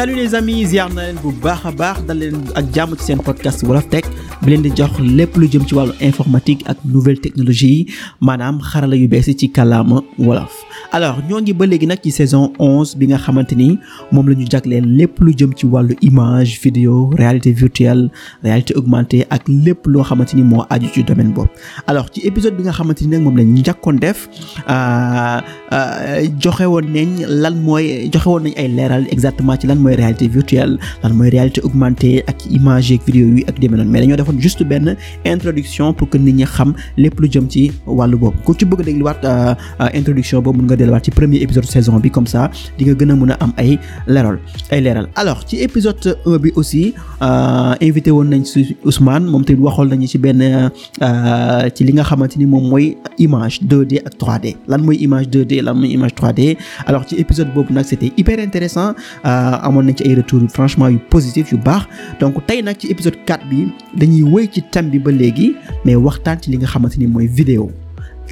salut les amis ziar na leen bu baax a baax dal leen ak jàmm ci seen podcast Wolof Tech bi leen di jox lépp lu jëm ci wàllu informatique ak nouvelle technologie maanaam xarala yu bees ci kàllaama wolof. alors ñoo ngi ba léegi nag ci saison onze bi nga xamante ni moom la ñu leen lépp lu jëm ci wàllu image vidéo réalité virtuelle réalité augmentée ak lépp loo xamante ni moo aju ci domaine boobu. alors ci épisode bi nga xamante ni nag moom la jàkkoon njëkkoon def euh, euh, joxe woon nañ lan mooy joxe woon nañ ay leeral exactement ci lan mooy réalité virtuelle lan mooy réalité augmentée ak image ak vidéo yi ak demee noonu mais dañoo defoon juste benn introduction pour que nit ñi xam lépp lu jëm ci wàllu boobu ku ci bëgg a dégluwaat euh, euh, introduction boobu mun nga delluwaat ci premier épisode saison bi comme ça di nga gën a a am ay leeral ay leeral alors ci épisode bi aussi euh, invité woon nañ si Ousmane moom te waxoon nañu ci benn ci li nga xamante ni moom mooy image 2D ak 3D lan mooy image mooy image 3D alors ci épisode boobu nag c'était amoon nañ ci ay retour franchement yu positif yu baax donc tey nag ci épisode 4 bi dañuy wéy ci thème bi ba léegi mais waxtaan ci li nga xamante ni mooy vidéo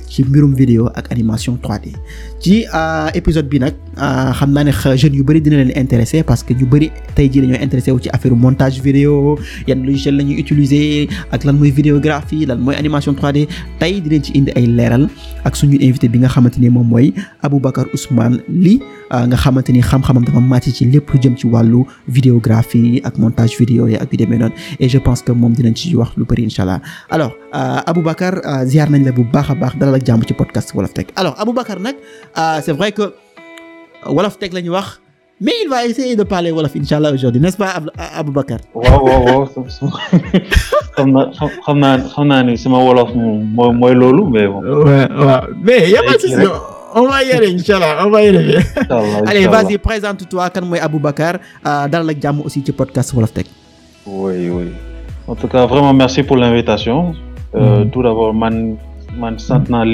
ci mbirum vidéo ak animation 3D ci euh, épisode bi nag euh, xam naa ne jeunes yu bëri dina leen intéressé parce que ñu bëri tey jii dañoo intéressé wu ci affaire montage vidéo yan la ñuy utiliser ak lan mooy vidéographie lan mooy animation 3D tey dinañ ci indi ay leeral ak suñu invité bi nga xamante ni moom mooy Aboubacar Ousmane lii euh, nga xamante ni xam-xamam dafa màcc ci lépp lu jëm ci wàllu vidéographie ak montage vidéo yi ak yu demee noonu et je pense que moom dinañ ci wax lu bëri incha allah abu Aboubacar ziar nañ la bu baax a baax dalal ak jàmm ci podcast Wolof Tech alors Aboubacar nag. Euh, c'est vrai que euh, Wolof Tech la ñu wax mais il va essayer de parler Wolof inchallah aujourd'hui n'est-ce pas euh, Aboubacar waaw waaw waaw xam naa xam naa xam naa ni Wolof moom mooy loolu mais bon mais y a pas de souci on va y aller inchallah on va y aller allez vas-y présente-toi kan mooy Aboubacar euh, dalal ak jàmm aussi ci podcast Wolof Tech oui pour l'invitation euh, mm. sant naa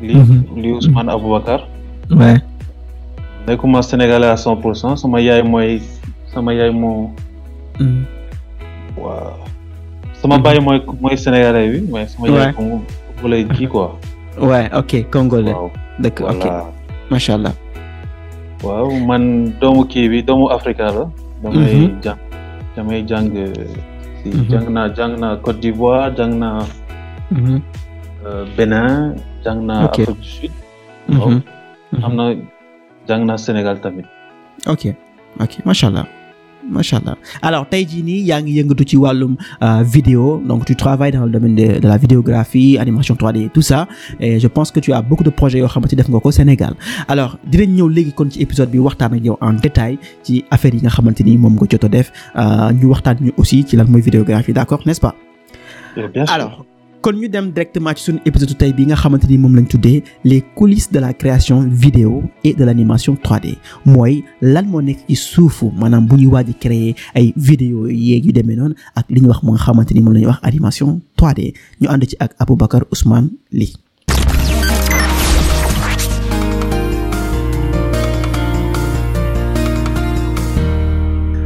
li mhm. li Ousmane Aboubacar nekkuma sénégalais à sama yaay mooy sama yaay moo mhm. waaw sama mhm. baay mooy mooy sénégalais bi mais sama yaay moom lay ji quoi waaw ok congolais dëkk ok macha allah waaw man doomu kii bi doomu Afrique la damay jàng damay jàng naa jàng naa Côte d'Ivoire jàng naa euh, Bénin jàng naa Afrique du na jàng naa Sénégal tamit. ok ok macha allah macha allah alors tey jii nii yaa ngi yëngatu ci wàllum euh, vidéo donc tu travailles dans le domaine de la vidéographie animation 3D tout ça et je pense que tu as beaucoup de projets yoo xamante def nga ko Sénégal alors dinañ ñëw léegi kon ci épisode bi waxtaan ak yow en détail ci affaire yi nga xamante ni moom nga jot a def euh, ñu waxtaan ñu aussi ci lan mooy vidéographie d'accord n'est-ce pas. Euh, kon ñu dem directement ci suñu épisode tey bi nga xamante ni moom lañ tuddee les coulisses de la création vidéo et de l'animation 3D mooy lan moo nekk ci suufu maanaam bu ñuy waaj a créer ay vidéo yeeg yu demee noonu ak li ñuy wax mu nga xamante ni moom la ñuy wax animation 3D ñu ànd ci ak Aboubacar Ousmane Ly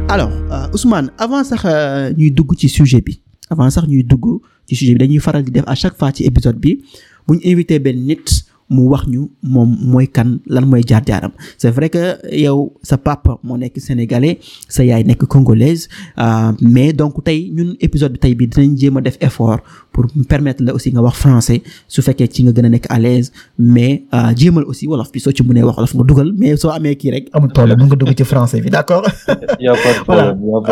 alors euh, Ousmane avant sax euh, ñuy dugg ci sujet bi avant sax ñuy dugg ci sujet bi dañuy faral di def à chaque fois ci épisode bi mu ñu invité benn nit mu wax ñu moom mooy kan lan mooy jaar-jaaram c'est vrai que yow sa papa moo nekk sénégalais sa yaay nekk congolaise euh, mais donc tey ñun épisode tey bi dinañ jéem a def effort pour permettre la aussi nga wax français su fekkee ci nga gën a nekk à l'aise mais euh, jéemal aussi wolof bi soo ci wax wax wolof nga dugal mais soo amee kii rek amul problème mën nga dugg ci français bi d'accord voilà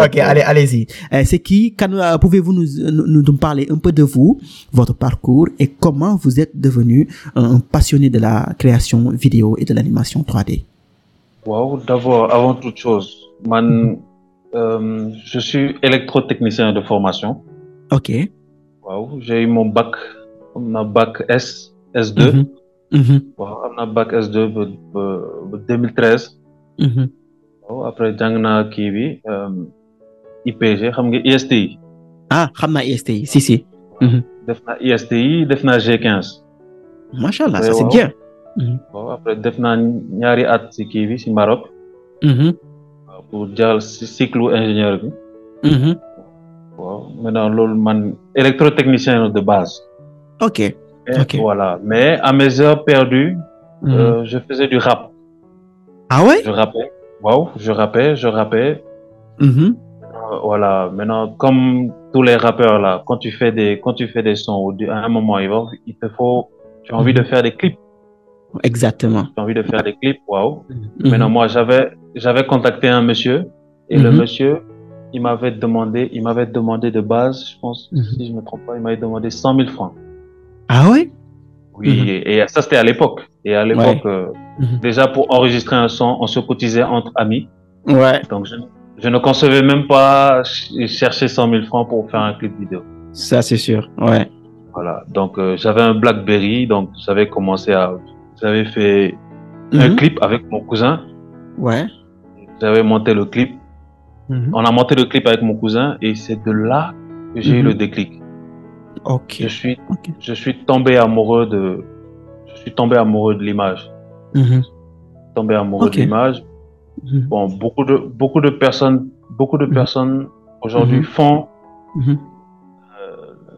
ok allez allez-y euh, c'est qui kan euh, pouvez-vous nous nous parler un peu de vous votre parcours et comment vous êtes devenu un passionné de la création vidéo et de l'animation 3D waaw d'abord avant toute chose man mm-hmm. je suis électrotechnicien de formation ok waaw j'ai eu mon bac am naa bac S S2. Mhm. Mhm. waaw am bac S2 ba ba ba 2013. Mhm. waaw après jàng naa kii bi euh, IPG xam nga ISTI. ah xam naa ISTI si def naa ISTI def naa G15. ça c'est bien. waaw après def naa ñaari at si kii bi si Maroc. waaw pour jàll si cycle ingénieur bi. waaw maintenant loolu man électrotechnicien de base. ok Et ok voilà mais à mes heures perdues. Mm -hmm. euh, je faisais du rap. ah ouais je rappais waaw je rappais je rappais. Mm -hmm. euh, voilà maintenant comme tous les rappeurs là quand tu fais des quand tu fais des sons à un moment il va il te faut tu as envie mm -hmm. de mhm. faire des clips. exactement tu as envie de faire des clips waaw. Mhm. maintenant moi j'avais j'avais contacté un monsieur. et mhm. le monsieur. il m'avait demandé, il m'avait demandé de base, je pense, mm -hmm. si mhm. je me trompe pas, il m'avait demandé 100 000 francs. Ah ouais Oui, mm -hmm. et, et, ça c'était à l'époque. Et à l'époque, ouais. euh, mm -hmm. déjà pour enregistrer un son, on se cotisait entre amis. Ouais. Donc je, je ne concevais même pas chercher 100 000 francs pour faire un clip vidéo. Ça c'est sûr, ouais. Voilà, donc euh, j'avais un Blackberry, donc j'avais commencé à... J'avais fait un mhm. clip avec mon cousin. Ouais. J'avais monté le clip Mmh. On a monté le clip avec mon cousin et c'est de là que j'ai eu mhm. le déclic. Je suis, tombé amoureux de, je suis tombé amoureux de l'image. Mhm. Mhm. Bon, beaucoup de, personnes, aujourd'hui font euh,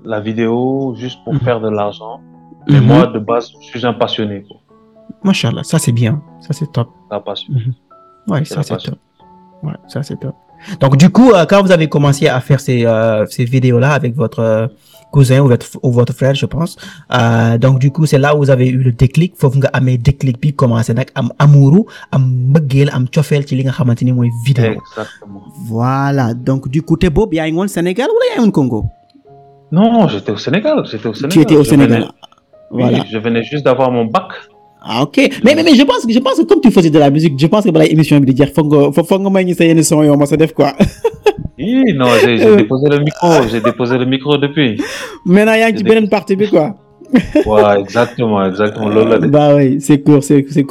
la vidéo juste pour faire de l'argent. Mais moi, de base, je suis un passionné. Quoi. ça c'est bien, ça c'est top. La ça c'est top. Donc du coup, euh, quand vous avez commencé à faire ces, euh, ces vidéos-là avec votre euh, cousin ou votre, ou frère je pense donc du coup c'est là où vous avez eu le déclic foofu nga amee déclic bi commencé nag am amuuru am mbëggeel am cofeel ci li nga xamante ni mooy vidéo exactement voilà donc du coup te boobu yaa ngi Sénégal wala yaa ngi woon Congo non j'étais au Sénégal j'étais au Sénégal tu au Sénégal je venais juste d'avoir mon bac ah ok mais je pense que je pense que comme tu faisais de la musique je pense que balay émission bi di jeex foog nga foog nga son yoo sa def quoi. non j'ai euh. déposé le micro j'ai déposé le micro depuis. maintenant yaa ngi ci beneen partie bi quoi. exactement exactement loolu la de. bah c'est cool c'est c'est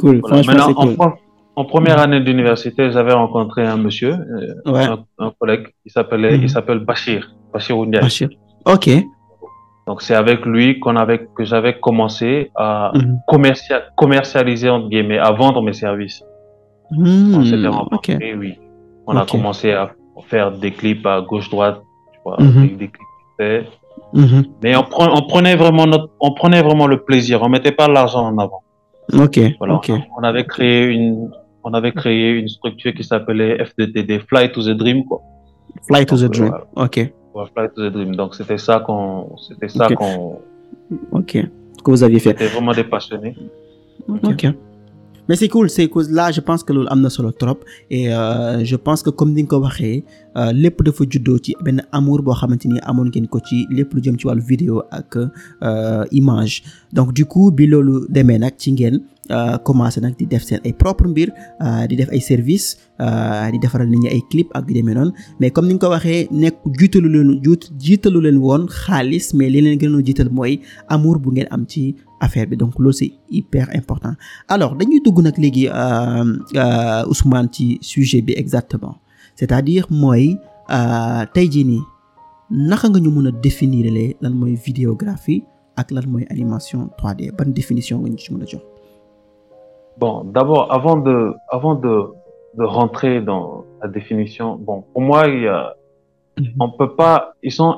en, en première année d'université j'avais rencontré un monsieur. Euh, ouais. Un, un collègue il s'appelait mm. il mm-hmm. s'appelle Bachir Bachir Ndiaye. Bachir ok. Donc c'est avec lui qu'on avait que j'avais commencé à mmh. commercial, commercialiser entre à vendre mes services. Hmm, on s'était rencontrés, okay. On a commencé à faire des clips à gauche droite, mhm. mhm. Mais on, prenait vraiment le plaisir. On mettait pas l'argent en avant. On, avait créé une, structure qui s'appelait FDTD, Fly to the Dream Fly to the Dream. Euh, ok. Pour Flight to the Dream. Donc, c'était ça qu'on. C'était ça okay. qu'on. Ok. Que vous aviez fait. C'était vraiment mais c'est cool c'est cool pense que loolu am na solo trop et euh, je pense que comme ni nga ko waxee euh, lépp dafa juddoo ci benn amour boo xamante ni amoon ngeen ko ci lépp lu jëm ci wàllu vidéo ak euh, image donc du coup bi loolu demee nag ci ngeen commencé nag di def seen ay propre mbir di def ay service di defaral ni ñi ay clip ak yu demee noonu mais comme ni nga ko waxee nekk jiitalu leen jiitalu leen woon xaalis mais li leen gënoon jiital mooy amour bu ngeen am ci affaire bi donc loolu c'est hyper important alors dañuy dugg nag léegi euh, euh, Ousmane ci sujet bi exactement c'est-à-dire mooy euh, tey jii nii naka nga ñu mën a définir lan mooy vidéographie ak lan mooy animation 3D ban définition nga ñu ci mën a jox. bon d'abord avant de rentrer dans la définition bon pour moi mhm. on peut pas ils sont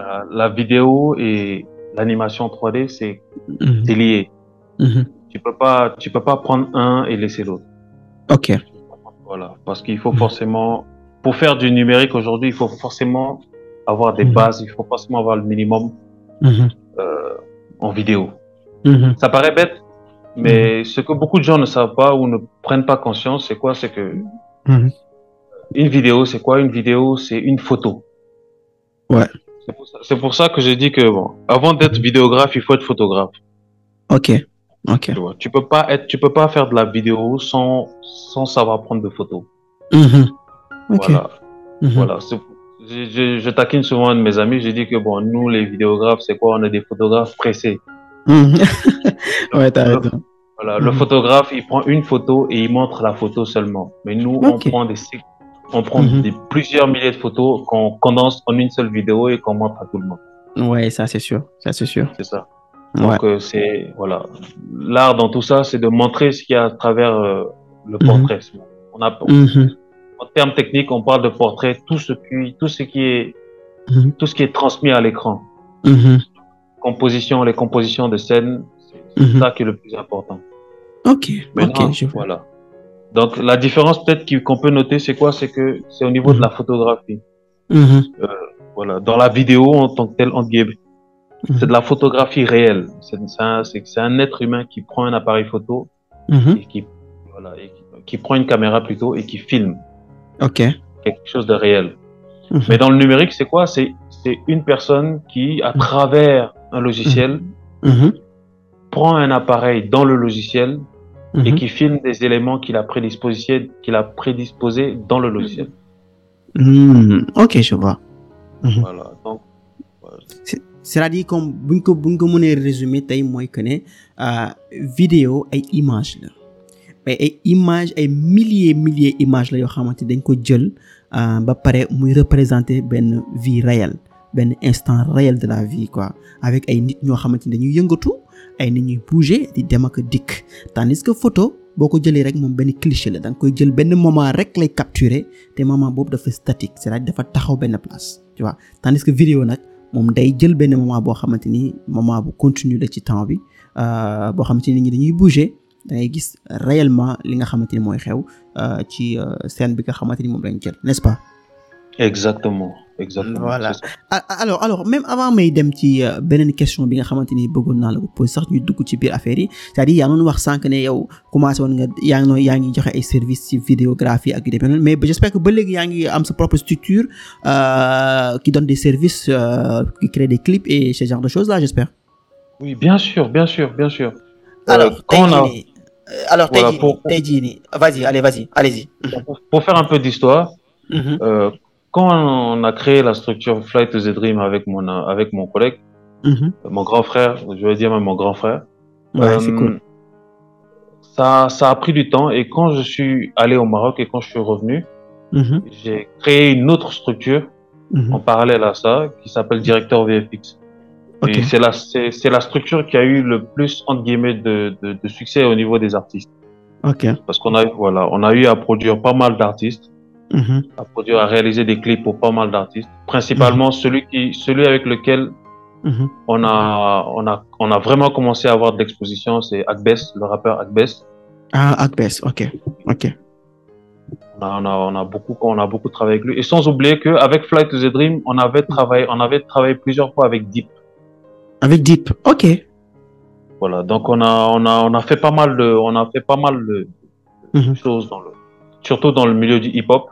la, la vidéo et l'animation 3D, c'est mmh. Tu peux peux pas prendre un et laisser l'autre. parce qu'il faut mhm. forcément, pour faire du numérique aujourd'hui, il faut forcément avoir des mhm. bases, il faut forcément avoir le minimum euh, en vidéo. Ça paraît bête, mais ce que beaucoup de gens ne savent pas ou ne prennent pas conscience, c'est quoi C'est que une vidéo, c'est quoi Une photo. C'est pour ça que j'ai dit que, bon, avant d'être vidéographe, il faut être photographe. Ok. Ok. Tu, vois, tu peux pas être, tu peux pas faire de la vidéo sans, sans savoir prendre de photos. Mm -hmm. okay. Voilà. Mm -hmm. Voilà. Je, je, je, taquine souvent un de mes amis, j'ai dit que bon, nous, les vidéographes, c'est quoi On est des photographes pressés. Mmh. ouais, t'as raison. Voilà, mmh. le mm-hmm. photographe, il prend une photo et il montre la photo seulement. Mais nous, okay. on prend des, on prend mm -hmm. des, plusieurs milliers de photos qu'on condense en une seule vidéo et qu'on montre à tout le monde. Ouais, ça c'est sûr, ça c'est sûr. C'est ça. Donc ouais. euh, c'est voilà, l'art dans tout ça, c'est de montrer ce qu'il y a à travers euh, le mhm. portrait. Mm -hmm. On a on, mm -hmm. en termes techniques, on parle de portrait, tout ce qui tout ce qui est mm -hmm. tout ce qui est transmis à l'écran. Mhm. Composition, les compositions de scènes, c'est mhm. ça qui est le plus important. OK. Maintenant, OK, je vois. voilà. Donc la différence peut-être qu'on peut noter, c'est que c'est au niveau de la mhm. photographie. Mm -hmm. euh, voilà, dans la vidéo en tant que telle, entre guillemets, mhm. c'est de la photographie réelle. C'est un, être humain qui prend un appareil photo mhm. qui, prend une caméra plutôt et qui filme. Quelque chose de réel. Mais dans le numérique, C'est une personne qui, à travers un logiciel, prend un appareil dans le logiciel mmh. et mhm. qui filme des éléments qu'il a prédisposés qu'il a prédisposé dans le logiciel. Hmm, ok mhm. c'est-à-dire comme bu ñu ko bu ñu ko mënee résumer tey mooy que ne euh, vidéo ay image la ay image ay milliers milliers image la yoo xamante dañ ko jël euh, ba pare muy représenter benn vie réelle benn instant réel de la vie quoi avec ay nit ñoo xamante ni dañuy yëngatu. ay nit ñuy di dem ak dikk tandis que photo boo ko jëlee rek moom benn cliché la da nga koy jël benn moment rek lay capturer te moment boobu dafa statique cest à dafa taxaw benn place tu vois tandis nag moom day jël benn moment boo xamante ni moment bu continue la ci temps bi euh, boo xamante ni nit ñi dañuy bouger da ngay gis réellement li nga xamante ni mooy xew euh, ci euh, scène bi nga xamante ni moom lañ jël n'est-ce pas. exactement. exactement voilà alors alors même avant may dem ci euh, beneen question bi nga xamante ni bëggoon naa la ko posé sax ñuy dugg ci biir affaire yi c'est-à-dire yaa ngi wax sànq ne yow commencé yaa noonu yaa ngi joxe ay services ci vidéographie ak yu demee noonu mais j'espère que ba léegi yaa ngi am sa propre structure euh, qui donne des services euh, qui crée des clips et ce genre de choses là j'espère oui bien sûr bien sûr alors tey jii alors tey jii nii pour faire un peu d'histoire. Mm-hmm. quand on a créé la structure Flight to the Dream avec mon, avec mon collègue, mm -hmm. mon grand frère, je vais dire même mon grand frère, ouais, euh, cool. ça, ça a pris du temps. Et quand je suis allé au Maroc et quand je suis revenu, mm -hmm. j'ai créé une autre structure mm -hmm. en parallèle à ça qui s'appelle Directeur VFX. Okay. C'est la, c'est la structure qui a eu le plus entre guillemets de, de, de succès au niveau des artistes. Ok. Parce qu'on a voilà, on a eu à produire pas mal d'artistes. Mmh. a des clips pour pas mal d'artistes. Principalement mhm. celui avec lequel mhm. on a, vraiment commencé à avoir de l'exposition, c'est Akbess, le rappeur Akbess. Ah, Akbess, On a, beaucoup, travaillé avec lui. Et sans oublier que avec Flight to the Dream, on avait travaillé, plusieurs fois avec Deep. Avec donc on a, fait pas mal de, mhm. choses dans le, milieu du hip-hop.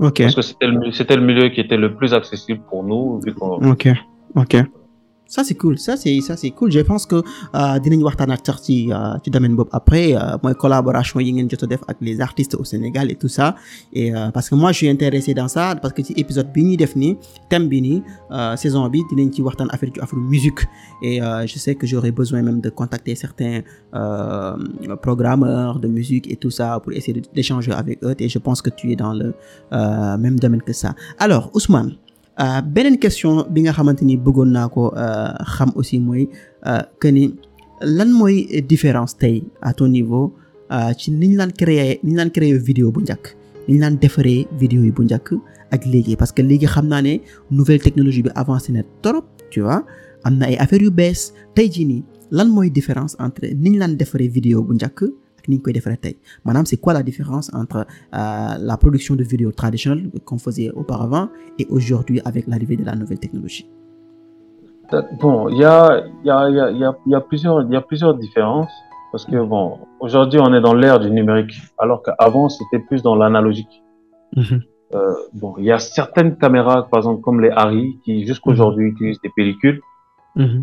Okay. Parce que c'était le, c'était le milieu qui était le plus accessible pour nous, vu qu'on okay. Okay. ça c'est cool ça c'est je pense que euh, dinañ waxtaanaat sax euh, ci ci domaine boobu après euh, mooy collaboration yi ngeen jot a def ak les artistes au Sénégal et tout ça et parce que moi je suis intéressé dans ça parce que ci épisode bi ñuy def nii thème bi nii saison bi dinañ ci waxtaan affaire ci afro musique et je sais que j'aurais besoin même de contacter certains programmeurs de musique et tout ça pour essayer d'échanger avec eux et je pense que tu es dans le même domaine que ça alors Ousmane Euh, beneen question bi nga xamante ni bëggoon naa ko euh, xam aussi mooy euh, que ni lan mooy différence tey à ton niveau ci ni ñu daan créer ni ñu daan créer bu njëkk ni ñu defaree video yi bu njëkk ak léegi parce que léegi xam naa ne nouvelle technologie bi avancé na trop tu am na ay affaires yu bees tey jii nii lan mooy différence entre ni ñu daan defaree vidéo bu njëkk ni ñu koy defaree tey c'est quoi la différence entre euh, la production de vidéos traditionnelle qu'on faisait auparavant et aujourd'hui avec l'arrivée de la nouvelle technologie euh, Bon, il y a, a, y, a, y, a, parce que bon, aujourd'hui on est dans l'ère du numérique alors qu'avant c'était plus dans l'analogique. Mm-hmm. Euh, il y a certaines caméras, par comme les Harry, qui jusqu'aujourd'hui mm-hmm. utilisent des pellicules. Mm-hmm.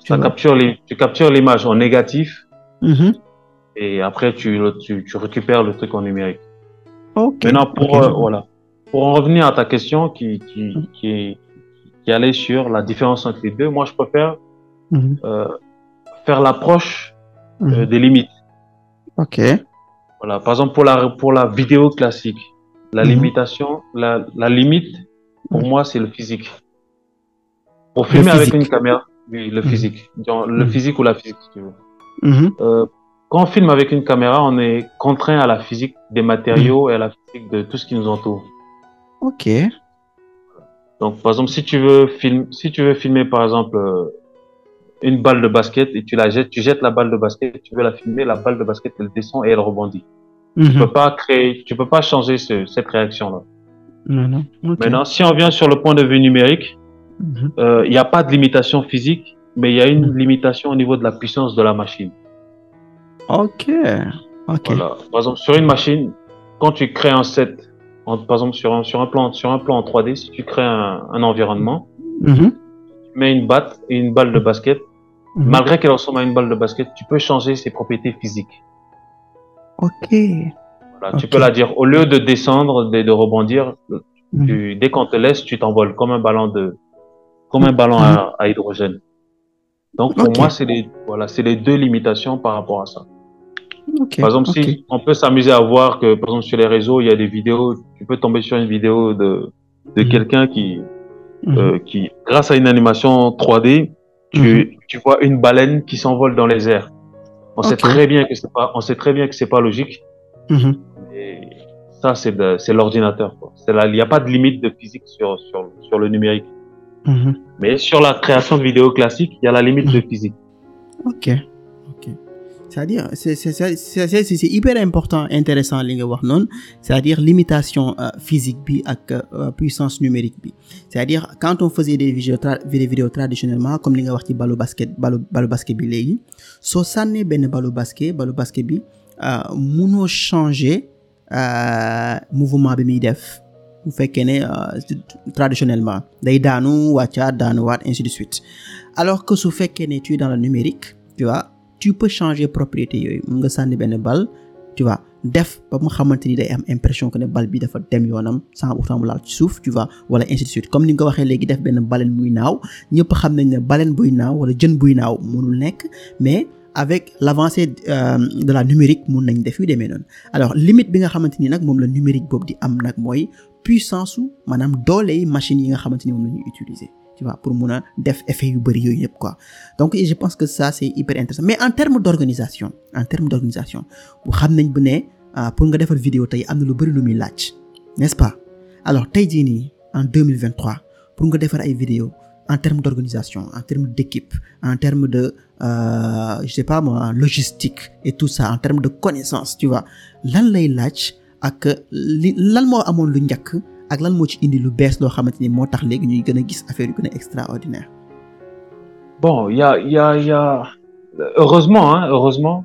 Ça capture les, tu captures l'image en négatif mm-hmm. et après tu, tu, tu, récupères le truc en numérique. Okay. Maintenant, pour, okay. euh, voilà. pour en revenir à ta question qui, qui, mm-hmm. qui, qui, allait sur la différence entre les deux, moi je préfère mm-hmm. euh, faire l'approche euh, mm-hmm. des limites. Ok. Voilà. Par exemple, pour la, pour la vidéo classique, la mm-hmm. limitation, la, la limite, pour mm-hmm. moi, c'est le physique. Pour filmer avec une caméra, Oui, le mhm. physique. Dans le mhm. physique ou la physique, si tu veux. Mhm. Euh, quand on filme avec une caméra, on est contraint à la physique des matériaux et à la physique de tout ce qui nous entoure. Ok. Donc, par exemple, si tu veux, film, si tu veux filmer, par exemple, euh, une balle de basket et tu la jettes, tu jettes la balle de basket, tu veux la filmer, la balle de basket, elle descend et elle rebondit. Mm -hmm. Tu peux pas créer, tu peux pas changer ce, cette réaction-là. Mm -hmm. okay. Maintenant, si on vient sur le point de vue numérique, Il euh, n'y a pas de limitation physique, mais il y a une mm. limitation au niveau de la puissance de la machine. Ok. okay. Voilà. sur une machine, quand tu crées un set, en, par exemple sur un, plan, sur d si tu crées un, environnement, mm-hmm. tu mets une batte et une balle de basket, mm-hmm. malgré qu'elle ressemble à une balle de basket, tu peux changer ses propriétés physiques. Ok. Voilà. Tu peux la dire, au lieu de descendre, de, de rebondir, mm-hmm. dès qu'on te laisse, tu t'envoles comme un ballon de, comme un ballon mhm. hydrogène. Donc pour okay. moi, c'est les, voilà, les deux limitations par rapport à ça. Okay. Par exemple, si on peut s'amuser à voir que, par exemple, sur les réseaux, il y a des vidéos, tu peux tomber sur une vidéo de, de mhm. quelqu'un mhm. euh, qui, grâce à une animation 3D, tu, vois une baleine qui s'envole dans les airs. On sait très bien que c'est pas, logique. Et c'est, l'ordinateur. il n'y a pas de limite de physique sur le numérique. Mmh. Mais sur la création de vidéos classiques, il la limite mhm. de physique. C'est-à-dire, c'est hyper important, intéressant li nga wax noon c'est-à-dire limitation euh, physique bi ak euh, puissance numérique bi c'est-à-dire quand on faisait des vidéos tra des vidéos traditionnellement comme li nga wax ci balo basket balu balu basket bi léegi soo sànnee benn balo basket balo basket bi euh, mënoo euh, mouvement bi muy def bu fekkee ne euh, traditionnellement day daanu wàccaat daanuwaat ainsi de suite alors que su fekkee ne tu es dans le numérique tu vois tu peux changer propriété yooyu mun nga sànni benn bal tu vois def ba mu xamante ni day am impression que ne balle bi dafa dem yoonam sans pourtant mu laal ci suuf tu vois wala ainsi comme ni nga ko waxee léegi def benn baleine buy naaw ñëpp xam nañ ne baleine buy naaw wala jën buy naaw mënul nekk mais. avec l'avancée euh, de la numérique mun nañ def yu demee noonu alors limite bi nga xamante ni nag moom la numérique boobu di am nag mooy puissance su maanaam doole yi machine yi nga xamante ni moom la ñuy utiliser pour mun a def effet yu bëri yooyu yëpp quoi donc je pense que ça c'est hyper intéressant mais en terme d'organisation en terme d'organisation bu xam nañ bu ne ah, pour nga defar vidéo tey am na lu bëri lu muy laaj n'est-ce pas alors tey jii nii en 2023 pour nga defar ay vidéo en terme d'organisation en terme d'équipe en terme de euh, je sais pas moi logistique et tout ça en terme de connaissance tu vois lan lay laaj ak lan moo amoon lu njëkk ak lan moo ci indi lu bees loo xamante ni moo tax léegi ñuy gën a gis affaire yu gën a extraordinaire. bon y a y a y heureusement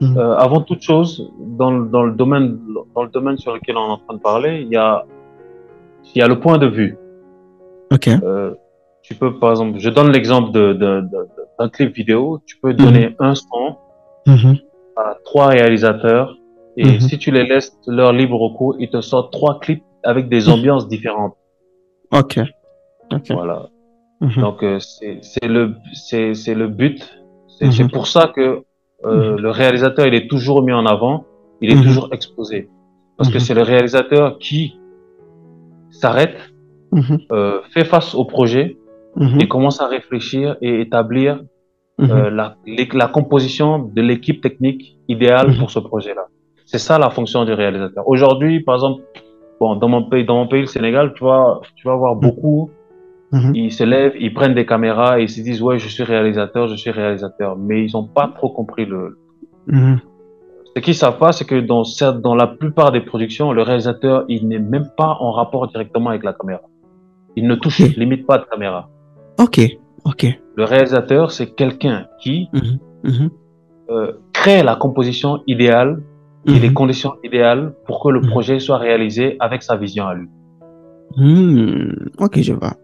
hmm. euh, avant toute chose dans le domaine sur lequel on est en de parler il y a le point de vue. ok euh, je donne l'exemple de de d'un clip vidéo tu peux donner hmm. un son. Hmm. à trois réalisateurs Et mm -hmm. si tu les laisses leur libre cours, ils te sortent trois clips avec des ambiances différentes. Ok. okay. Voilà. Mm -hmm. Donc euh, c'est le c'est le but. C'est mm -hmm. pour ça que euh, mhm. le réalisateur il est toujours mis en avant, il est mhm. toujours exposé parce que mhm. c'est le réalisateur qui s'arrête, euh, fait face au projet et commence à réfléchir et établir euh, la, la composition de l'équipe technique idéale pour ce projet-là. C'est ça la fonction du réalisateur. Aujourd'hui, par exemple, dans mon pays, le Sénégal, tu vas, tu vas voir mm. beaucoup. Mmh. Ils se lèvent, des caméras et ils se disent je suis réalisateur, je suis réalisateur. Mais ils n'ont pas trop compris mm-hmm. Ce qu'ils savent pas, c'est que dans, la plupart des productions, le réalisateur, il n'est même pas en rapport directement avec la caméra. Il ne touche okay. limite pas de caméra. Le réalisateur, c'est quelqu'un qui mm-hmm. Mm-hmm. Euh, crée la composition et mmh. les conditions idéales pour que le mhm. projet soit réalisé avec sa vision à lui. Mmh. Ok, je vois.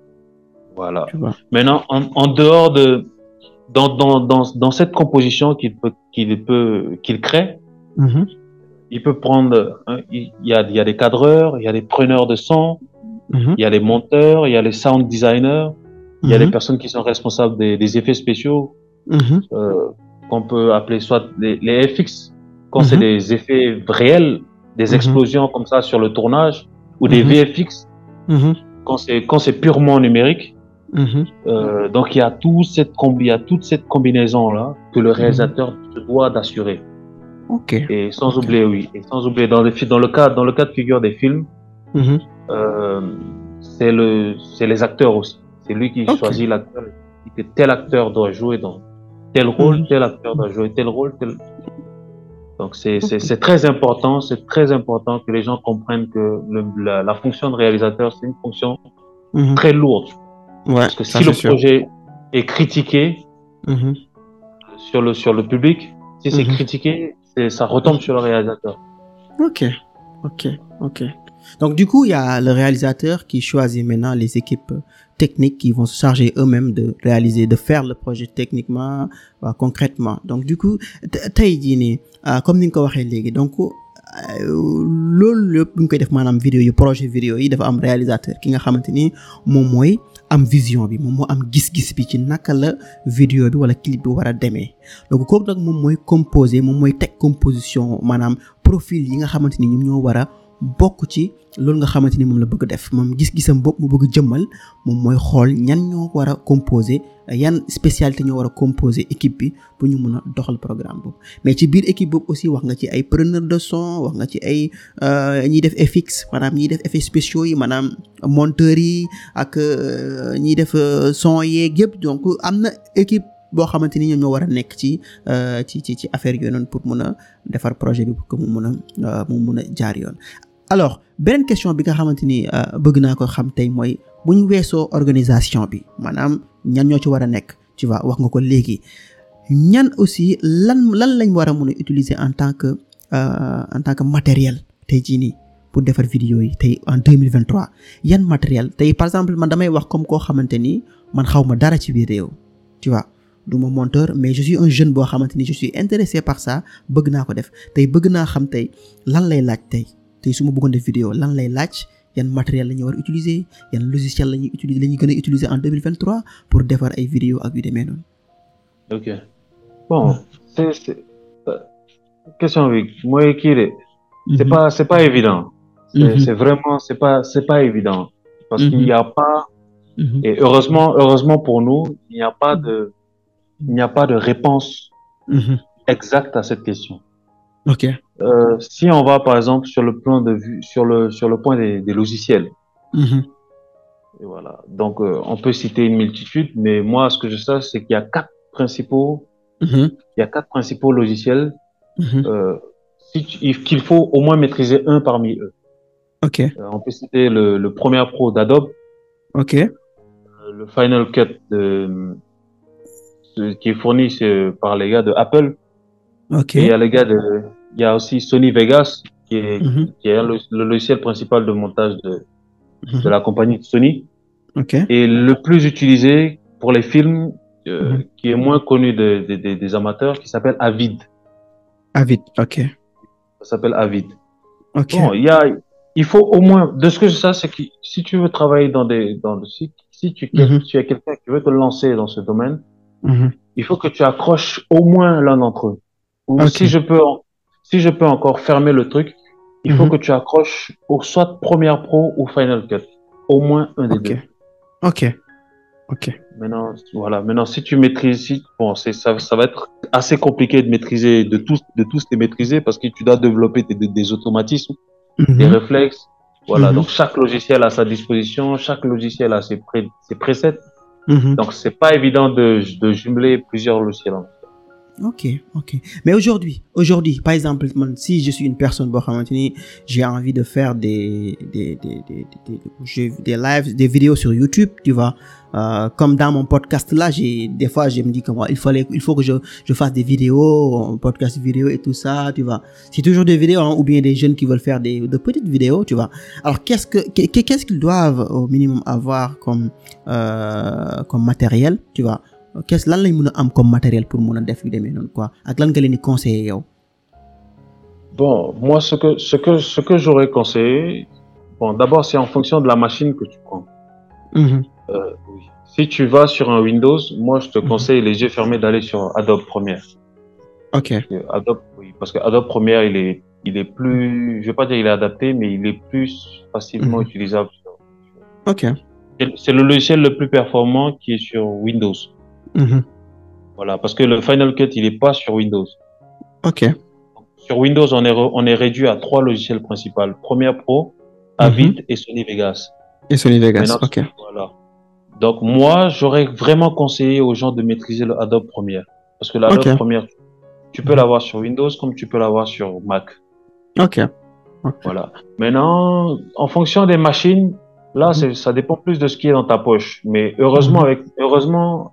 Voilà. Je vois. Maintenant, en, en, dehors de. Dans, dans, dans, dans cette composition qu'il peut, qu'il peut, qu'il crée, mmh. il peut prendre. Hein, il, y a, il y a des cadreurs, il y a des preneurs de son, mhm. il y a des monteurs, il y a les sound designers, il y a des mhm. personnes qui sont responsables des, des effets spéciaux, euh, qu'on peut appeler soit les, les FX, quand mm -hmm. c'est mhm. des effets réels, des mhm. explosions mm -hmm. comme ça sur le tournage, ou des mhm. VFX, quand c'est purement numérique. Euh, donc il y a tout cette combi, il y a toute cette combinaison là que le réalisateur se doit d'assurer. Ok. Et sans okay. oublier oui, et sans oublier dans, les, dans le cas dans le cas de figure des films, euh, c'est le c'est les acteurs aussi. C'est lui qui okay. choisit l'acteur, que tel acteur doit jouer dans tel rôle, tel acteur doit jouer tel rôle, tel. Donc c'est très important, c'est très important que les gens comprennent que la, fonction de réalisateur, c'est une fonction mhm. très lourde. Parce que si le projet est critiqué mhm. sur, le, public, si c'est mhm. critiqué, ça retombe sur le réalisateur. ok. Donc du coup, il y a le réalisateur qui choisit maintenant les équipes technique qui vont se charger eux-mêmes de réaliser, de faire le projet techniquement, waa euh, concrètement. Donc du coup tey jii nii euh, comme ni nga ko waxee léegi donc euh, loolu lépp bu ñu koy def maanaam vidéo yu projet vidéo yi dafa am réalisateur ki nga xamante ni moom mooy am vision bi moom moo am gis-gis bi ci naka la vidéo bi wala clip bi war a demee donc kooku nag moom mooy composer moom mooy teg composition maanaam profil yi nga xamante ni ñoom ñoo war a bokk ci loolu nga xamante ni moom la bëgg def moom gis-gisam bopp mu bëgg jëmmal moom mooy xool ñan ñoo war a composé yan spécialité ñoo war a composé équipe bi bu ñu mun a doxal programme boobu mais ci biir équipe boobu aussi wax nga ci ay preneur de son wax nga ci ay euh, ñiy def FX maanaam ñiy def effets spéciaux yi maanaam monteurs yi ak euh, ñiy def euh, son yee yëpp donc am na équipe boo xamante ni ñoom ñoo war a nekk ci ci ci ci affaire yooyu noonu pour mun a defar projet bi pour que mu mun a mu mun a jaar yoon alors beneen question bi nga xamante ni euh, bëgg naa ko xam tey mooy bu ñu weesoo organisation bi maanaam ñan ñoo ci war a nekk ci waa wax nga ko léegi ñan aussi lan lan lañ war a mën a utiliser en tant que euh, en tant que matériel tey ci nii pour defar vidéo yi tey en 2023 yan matériel tey par exemple man damay wax comme koo xamante ni man xaw ma dara ci biir réew tu vois du ma monteur mais je un jeune boo xamante ni je suis intéressé par ça bëgg naa ko def tey bëgg naa xam tey lan lay laaj tey tey su ma bëggoon vidéo lan lay laaj yan matériel la ñuy war a utiliser yan logiciel la ñuy utiliser la ñuy gën a utiliser en 2023 pour defar ay vidéo ak de demee noonu. ok bon hmm. c'est c'est euh, question bi mooy kii de. Mhm. c'est pas c'est pas évident. c'est mhm. c'est vraiment c'est pas évident. parce qu'il n'y a mhm. pas. et heureusement pour nous il n'y a pas de réponse exacte à cette question. euh, si on va par exemple sur le plan de vue, sur le, sur le point des, des logiciels, mmh. Et voilà. Donc, euh, on peut citer une multitude, mais moi, ce que je sais, c'est qu'il y a quatre principaux, mm -hmm. il y a quatre principaux logiciels mm -hmm. euh, si qu'il faut au moins maîtriser un parmi eux. Ok. Euh, on peut citer le, le Premiere Pro d'Adobe. Ok. Euh, le Final Cut de, de, qui est fourni est par les gars de Apple. Ok. Et il y a les gars de Il y a aussi Sony Vegas, qui est, mm -hmm. qui est le, le, logiciel principal de montage de, mm -hmm. de la compagnie Sony. Okay. Et le plus utilisé pour les films, euh, mm -hmm. qui est moins connu de, de, des amateurs, qui s'appelle Avid. Avid, ok. Ça s'appelle Avid. Ok. Bon, il y a, il faut au moins, de ce que je sais, c'est que si tu veux travailler dans des, dans le site, si tu, mhm. tu as quelqu'un qui veut te lancer dans ce domaine, mhm. il faut que tu accroches au moins l'un d'entre eux. Ou okay. si je peux en si je peux encore fermer le truc, il mm -hmm. faut mhm. que tu accroches au soit Premiere Pro ou Final Cut. Au moins un des okay. deux. Ok. Ok. Maintenant, voilà. Maintenant, si tu maîtrises, si, bon, ça, ça va être assez compliqué de maîtriser, de tous, de tous les maîtriser parce que tu dois développer des, des, des automatismes, mm -hmm. des réflexes. Voilà. Mm -hmm. Donc, chaque logiciel a sa disposition, chaque logiciel a ses, pré ses presets. Mhm. Donc, c'est pas évident de, de jumeler plusieurs logiciels. ok ok mais aujourd'hui aujourd'hui par exemple man si je suis une personne boo xamante ni j'ai envie de faire des des des des des des lives des vidéos sur YouTube tu vois euh, comme dans mon podcast là j'ai des fois je me dis que moi il fallait il faut que je je fasse des vidéos podcast vidéo et tout ça tu vois c'est toujours des vidéos hein, ou bien des jeunes qui veulent faire des de petites vidéos tu vois alors qu'est-ce que qu'est-ce qu'ils doivent au minimum avoir comme euh, comme matériel tu vois kees lan lañ mën a am comme matériel pour mën a def yu demee noonu quoi ak lan nga leen di conseiller yow. bon moi ce que ce que ce que j'aurais conseillé bon d'abord c'est en fonction de la machine que tu prends. Mm-hmm. euh, oui. si tu vas sur un Windows moi je te mm-hmm. conseille mm-hmm. les yeux fermés d'aller sur Adobe Premiere. ok Adobe oui parce que Adobe Premiere il est il est plus je vais pas dire il est adapté mais il est plus facilement mm-hmm. utilisable. ok c'est le logiciel le plus performant qui est sur Windows. Mmh. Voilà, parce que le Final Cut, il n'est pas sur Windows. Ok. Sur Windows, on est, réduit à trois logiciels principaux Premiere Pro, Avid mhm. et Sony Vegas. Et Sony Vegas, ok. moi, j'aurais vraiment conseillé aux gens de maîtriser le Adobe Premiere. Parce que l'Adobe okay. Premiere, tu peux mhm. l'avoir sur Windows comme tu peux l'avoir sur Mac. Ok. Okay. Voilà. en fonction des machines, là, mhm. ça dépend plus de ce qui est dans ta poche. Mais heureusement, avec, heureusement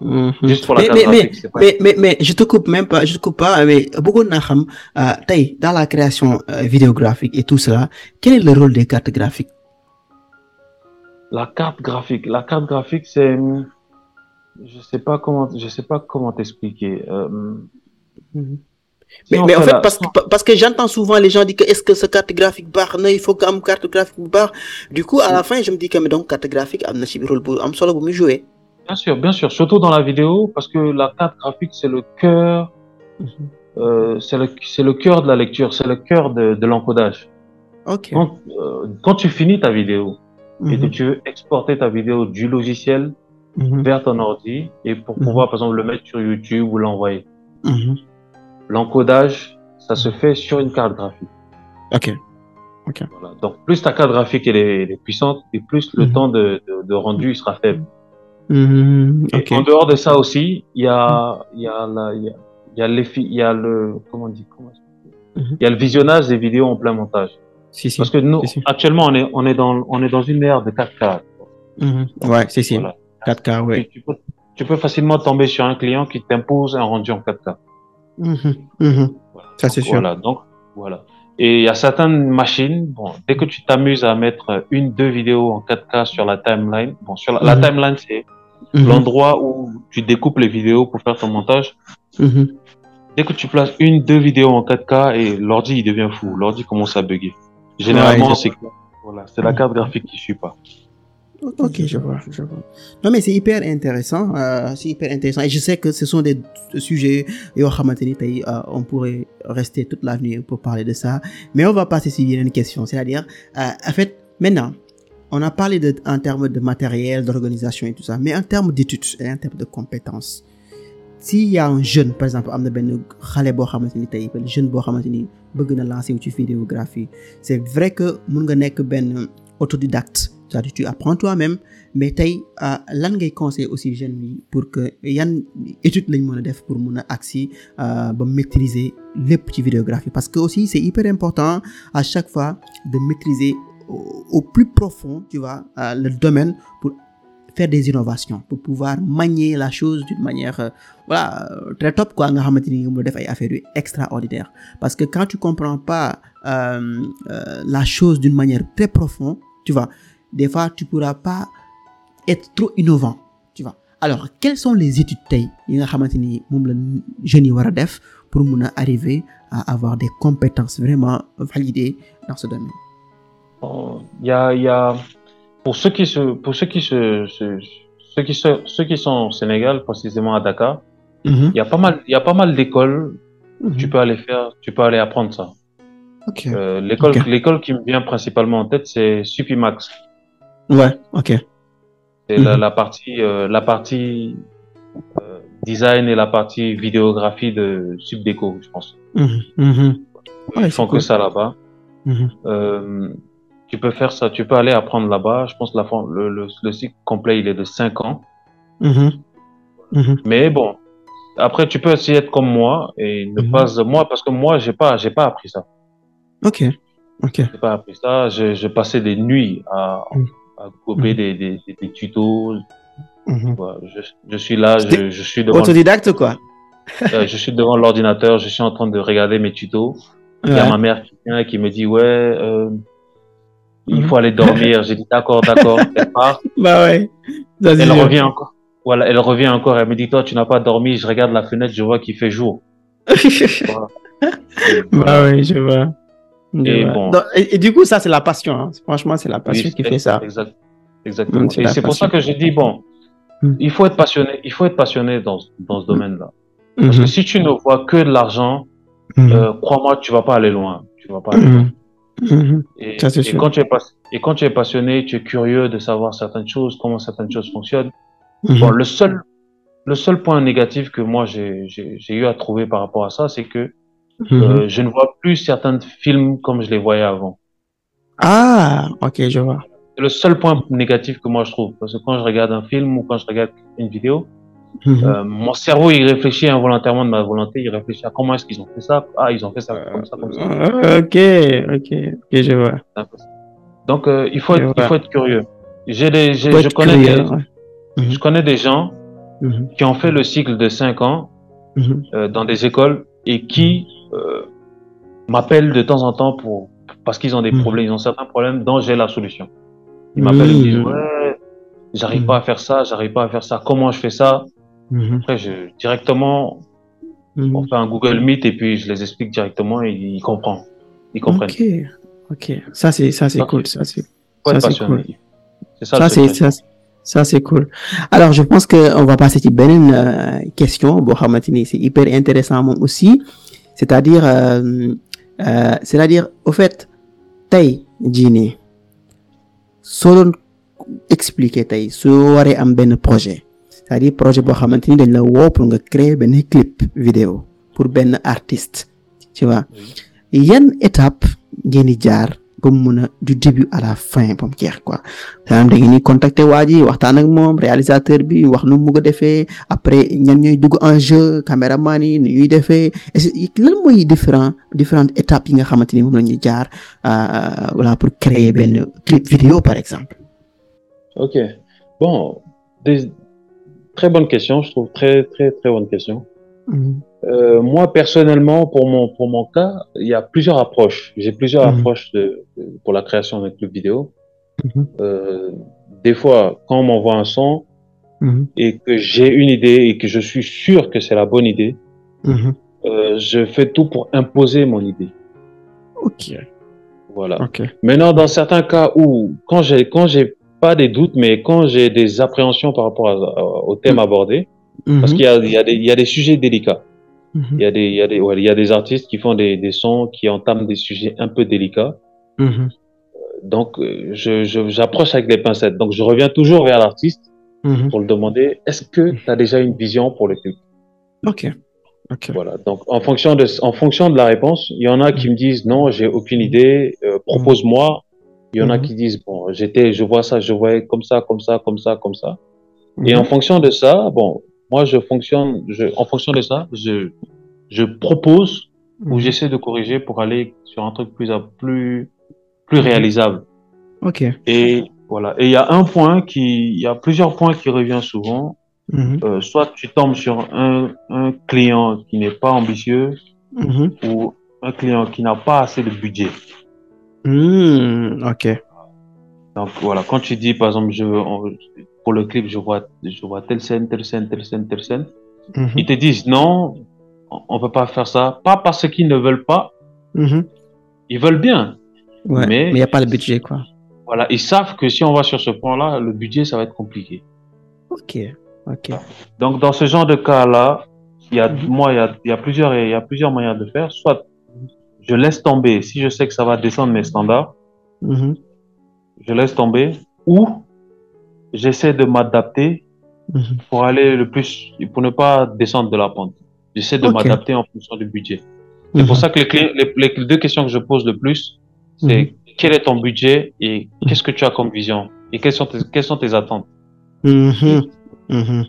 Mhm. mais mais mais mais mais je te même pas je te pas mais bëggoon naa xam euh, tey dans la création euh, vidéographique et tout cela quel est le rôle des cartes graphiques. la carte graphique la carte graphique c'est je sais pas comment je sais pas comment t'expliquer. Euh, mhm. mais en fait parce que j'entends souvent les gens dire que ce que sa carte graphique baax na il faut que am carte graphique bu baax du coup à la hmm. fin je me dis que mais donc carte graphique am na ci rôle bu am solo Bien sûr, bien sûr, surtout dans la vidéo, parce que la carte graphique, c'est le cœur, mhm. euh, c'est le, le cœur de la lecture, c'est le cœur de, de l'encodage. Okay. Quand, euh, quand, tu finis ta vidéo et que mhm. tu veux exporter ta vidéo du logiciel mhm. vers ton ordi et pour pouvoir, par exemple, le mettre sur YouTube ou l'envoyer, l'encodage, ça se fait sur une carte graphique. Ok. okay. Voilà. Donc, plus le temps de, de, sera faible. Mmh, okay. En dehors de ça aussi, il a, a, la, il y a, il le, on mm-hmm. a le visionnage des vidéos en plein montage. Parce que nous, actuellement, on est, dans, une ère de 4K. Mmh. Ouais, c'est si. Voilà. 4 Tu, peux, facilement tomber sur un client qui t'impose un rendu en 4K. Mm-hmm. Mm-hmm. Et certaines machines, bon, dès que tu t'amuses à mettre une, deux vidéos en 4K sur la timeline, sur la timeline, c'est mmh. l'endroit où tu découpes les vidéos pour faire ton montage. Mmh. Dès que tu places une, deux vidéos en 4K et l'ordi il devient fou, l'ordi commence à bugger. Généralement, ouais, c'est voilà, la carte graphique qui suit pas. Okay, ok, je vois, je vois. Non, mais c'est hyper intéressant, euh, c'est hyper intéressant. Et je sais que ce sont des sujets, et euh, on pourrait rester toute la nuit pour parler de ça. Mais on va passer sur une question, c'est-à-dire, euh, en fait, maintenant, on a parlé de, en termes de matériel, d'organisation et tout ça, mais en termes d'études et en termes de compétences, s'il y a un jeune, par exemple, am na benn xale boo xamante ni tey benn jeune boo xamante ni bëgg na lancer wu ci vidéographie c'est vrai que mun nga nekk benn autodidacte c'est-à-dire tu apprends toi-même mais tey euh, lan ngay conseil aussi jeunes yi pour que yan étude lañ mën a def pour mun a agsi euh, ba maîtriser lépp ci vidéographie parce que aussi c'est hyper important à chaque fois de maîtriser au, plus profond, tu euh, le domaine pour faire des innovations pour pouvoir manier la chose d'une manière euh, voilà euh, très top quoi nga xamante ni mu def ay affaire yu extraordinaire parce que quand tu comprends pas euh, la chose d'une manière très profonde tu vois des fois tu pourras pas être trop innovant tu vois alors quelles sont les études tey yi nga xamante ni moom la jeunes yi war a def pour mun a arriver à avoir des compétences vraiment validées dans ce domaine il y a, y a, pour ceux qui se, pour ceux qui se, se ceux qui sont, ceux qui sont au Sénégal, précisément à Dakar, il mm -hmm. y a pas mal, il y a pas mal d'écoles. Mm -hmm. Tu peux aller faire, tu peux aller apprendre ça. Okay. Euh, l'école, okay. l'école qui me vient principalement en tête, c'est Supimax. Ouais, ok. C'est mm -hmm. la, la, partie, euh, la partie euh, design et la partie vidéographie de Subdeco, je pense. Ils ouais, font cool. que ça là-bas. tu peux faire ça, tu peux aller apprendre là-bas. Je pense que la, le, le, le, cycle complet, il est de 5 ans. Mmh. Mmh. Mais bon, après, tu peux aussi être comme moi et ne mmh. pas. Moi, parce que moi, je n'ai pas, pas appris ça. Ok. ok. Je n'ai pas appris ça. Je, je, passais des nuits à, mm. à couper mm. des, des, des, tutos. Mm-hmm. Je, je, suis là, je, je suis devant. Autodidacte, quoi. euh, je suis devant l'ordinateur, je suis en train de regarder mes tutos. Il ouais. y a ma mère qui vient et qui me dit Ouais. Euh, il faut aller dormir. J'ai dit d'accord, d'accord. Elle part. Bah ouais. Elle revient encore. elle me dit toi, tu n'as pas dormi. Je regarde la fenêtre, je vois qu'il fait jour. voilà. Bah ouais, je vois. et, du coup, ça c'est la passion. Hein. Franchement, c'est la passion qui fait ça. exactement. et c'est pour ça que je dis hmm. il faut être passionné. dans, ce hmm. domaine-là. Parce que hmm. si tu ne vois que de l'argent, euh, crois-moi, tu vas pas aller loin. Tu vas pas. Aller Mmh. Et, ça, et, quand tu es pas, et, quand tu es passionné, tu es curieux de savoir certaines choses, comment certaines choses fonctionnent. Mmh. Bon, le seul, le seul point négatif que moi j'ai eu à trouver par rapport à ça, c'est que mmh. euh, je ne vois plus certains films comme je les voyais avant. Ah, ok, je vois. C'est le seul point négatif que moi je trouve. Parce que quand je regarde un film ou quand je regarde une vidéo, Mmh. Euh, mon cerveau, il réfléchit involontairement de ma volonté, il réfléchit à comment est-ce qu'ils ont fait ça. Ah, ils ont fait ça euh, comme ça, comme ça. Euh, ok, ok, ok, je vois. Donc, euh, il, faut être, il faut être curieux. J'ai des, je, connais curieux, des, ouais. mmh. je mhm. connais des gens mmh. qui ont fait le cycle de 5 ans mhm. euh, dans des écoles et qui mhm. euh, m'appellent de temps en temps pour, parce qu'ils ont des problèmes, ils ont certains problèmes dont j'ai la solution. Ils m'appellent et me disent Ouais, j'arrive pas à faire ça, j'arrive pas à faire ça, comment je fais ça Mmh. Après, je, directement, mmh. on fait un Google Meet et puis je les explique directement et ils comprennent. Ils comprennent. Ok, ok. Ça, c'est, ça, c'est cool. Ça, c'est, ça, c'est cool. Ça, c'est, ça, ça, c'est cool. Alors, je pense qu'on va passer à une euh, question. C'est hyper intéressant aussi. C'est-à-dire, euh, euh, c'est-à-dire, au fait, tay, Gini, solo expliquer tay, sur un projet. cest à projet boo xamante ni dañ la woo pour nga créer benn clip vidéo pour benn artiste tu vois yan étape ngeen di jaar ba mu mun a du début à la fin ba mu jeex quoi maanaam contacter waa ji waxtaan ak moom réalisateur bi wax nu mu ko defee après ñan ñooy dugg en jeu caméraman yi nu ñuy defee lan mooy différent différentes yi nga xamante ni moom la ñuy jaar euh, voilà pour créer benn clip vidéo par exemple. ok bon. Très bonne question, je trouve très très très bonne question. Mmh. Euh, moi personnellement, pour mon pour mon cas, il y a plusieurs approches. J'ai plusieurs mmh. approches de, de, pour la création d'un club vidéo. Mmh. Euh, des fois, quand on m'envoie un son mhm. et que j'ai une idée et que je suis sûr que c'est la bonne idée, mhm. euh, je fais tout pour imposer mon idée. Ok. Voilà. Okay. Maintenant, dans certains cas où quand j'ai quand j'ai pas des doutes, mais quand j'ai des appréhensions par rapport à, à, au thème mmh. abordé, mmh. parce qu'il y, y, y a, des sujets délicats. Mmh. Il, y a des, il, y a des, ouais, il y a des artistes qui font des, des, sons qui entament des sujets un peu délicats. Mm-hmm. Euh, donc, j'approche euh, je, je, avec les pincettes. Donc, je reviens toujours vers l'artiste mm-hmm. pour le demander est-ce que mm-hmm. tu as déjà une vision pour le clip Ok. Okay. Voilà. Donc, en fonction de, en fonction de la réponse, il y en a qui me disent non, j'ai aucune idée, euh, propose-moi, Il na en a mhm. qui disent bon, j'étais, je vois ça, comme ça, comme ça, comme ça, Et mhm. en fonction de ça, je propose ou mhm. j'essaie de corriger pour aller sur un truc plus réalisable. Et il y a un point qui, y a plusieurs points qui revient souvent. Mm -hmm. soit tu sur un, un client qui n'est pas ambitieux ou un client qui n'a pas assez de budget. Mmh, ok. Donc voilà, quand par exemple, pour le clip, je vois, telle scène, telle scène, telle scène, telle mhm. te disent non, on ne peut pas faire ça. Pas parce qu'ils ne veulent pas, mmh. ils bien. mais il n'y a pas le budget, quoi. savent que si on va sur ce point-là, le budget, ça va être compliqué. Donc dans ce genre de cas-là, il y a, mhm. plusieurs, moyens de faire. je laisse tomber. Si je sais que ça va descendre mes standards, mm -hmm. je laisse tomber. Ou j'essaie de m'adapter mm -hmm. pour aller le plus, pour ne pas descendre de la pente. J'essaie de okay. m'adapter en fonction du budget. C'est mm -hmm. pour mhm. ça que les, les, les, deux questions que je pose le plus, c'est mhm. quel est ton budget et qu'est-ce que tu as comme vision et quelles sont tes, quelles sont tes attentes. Mhm.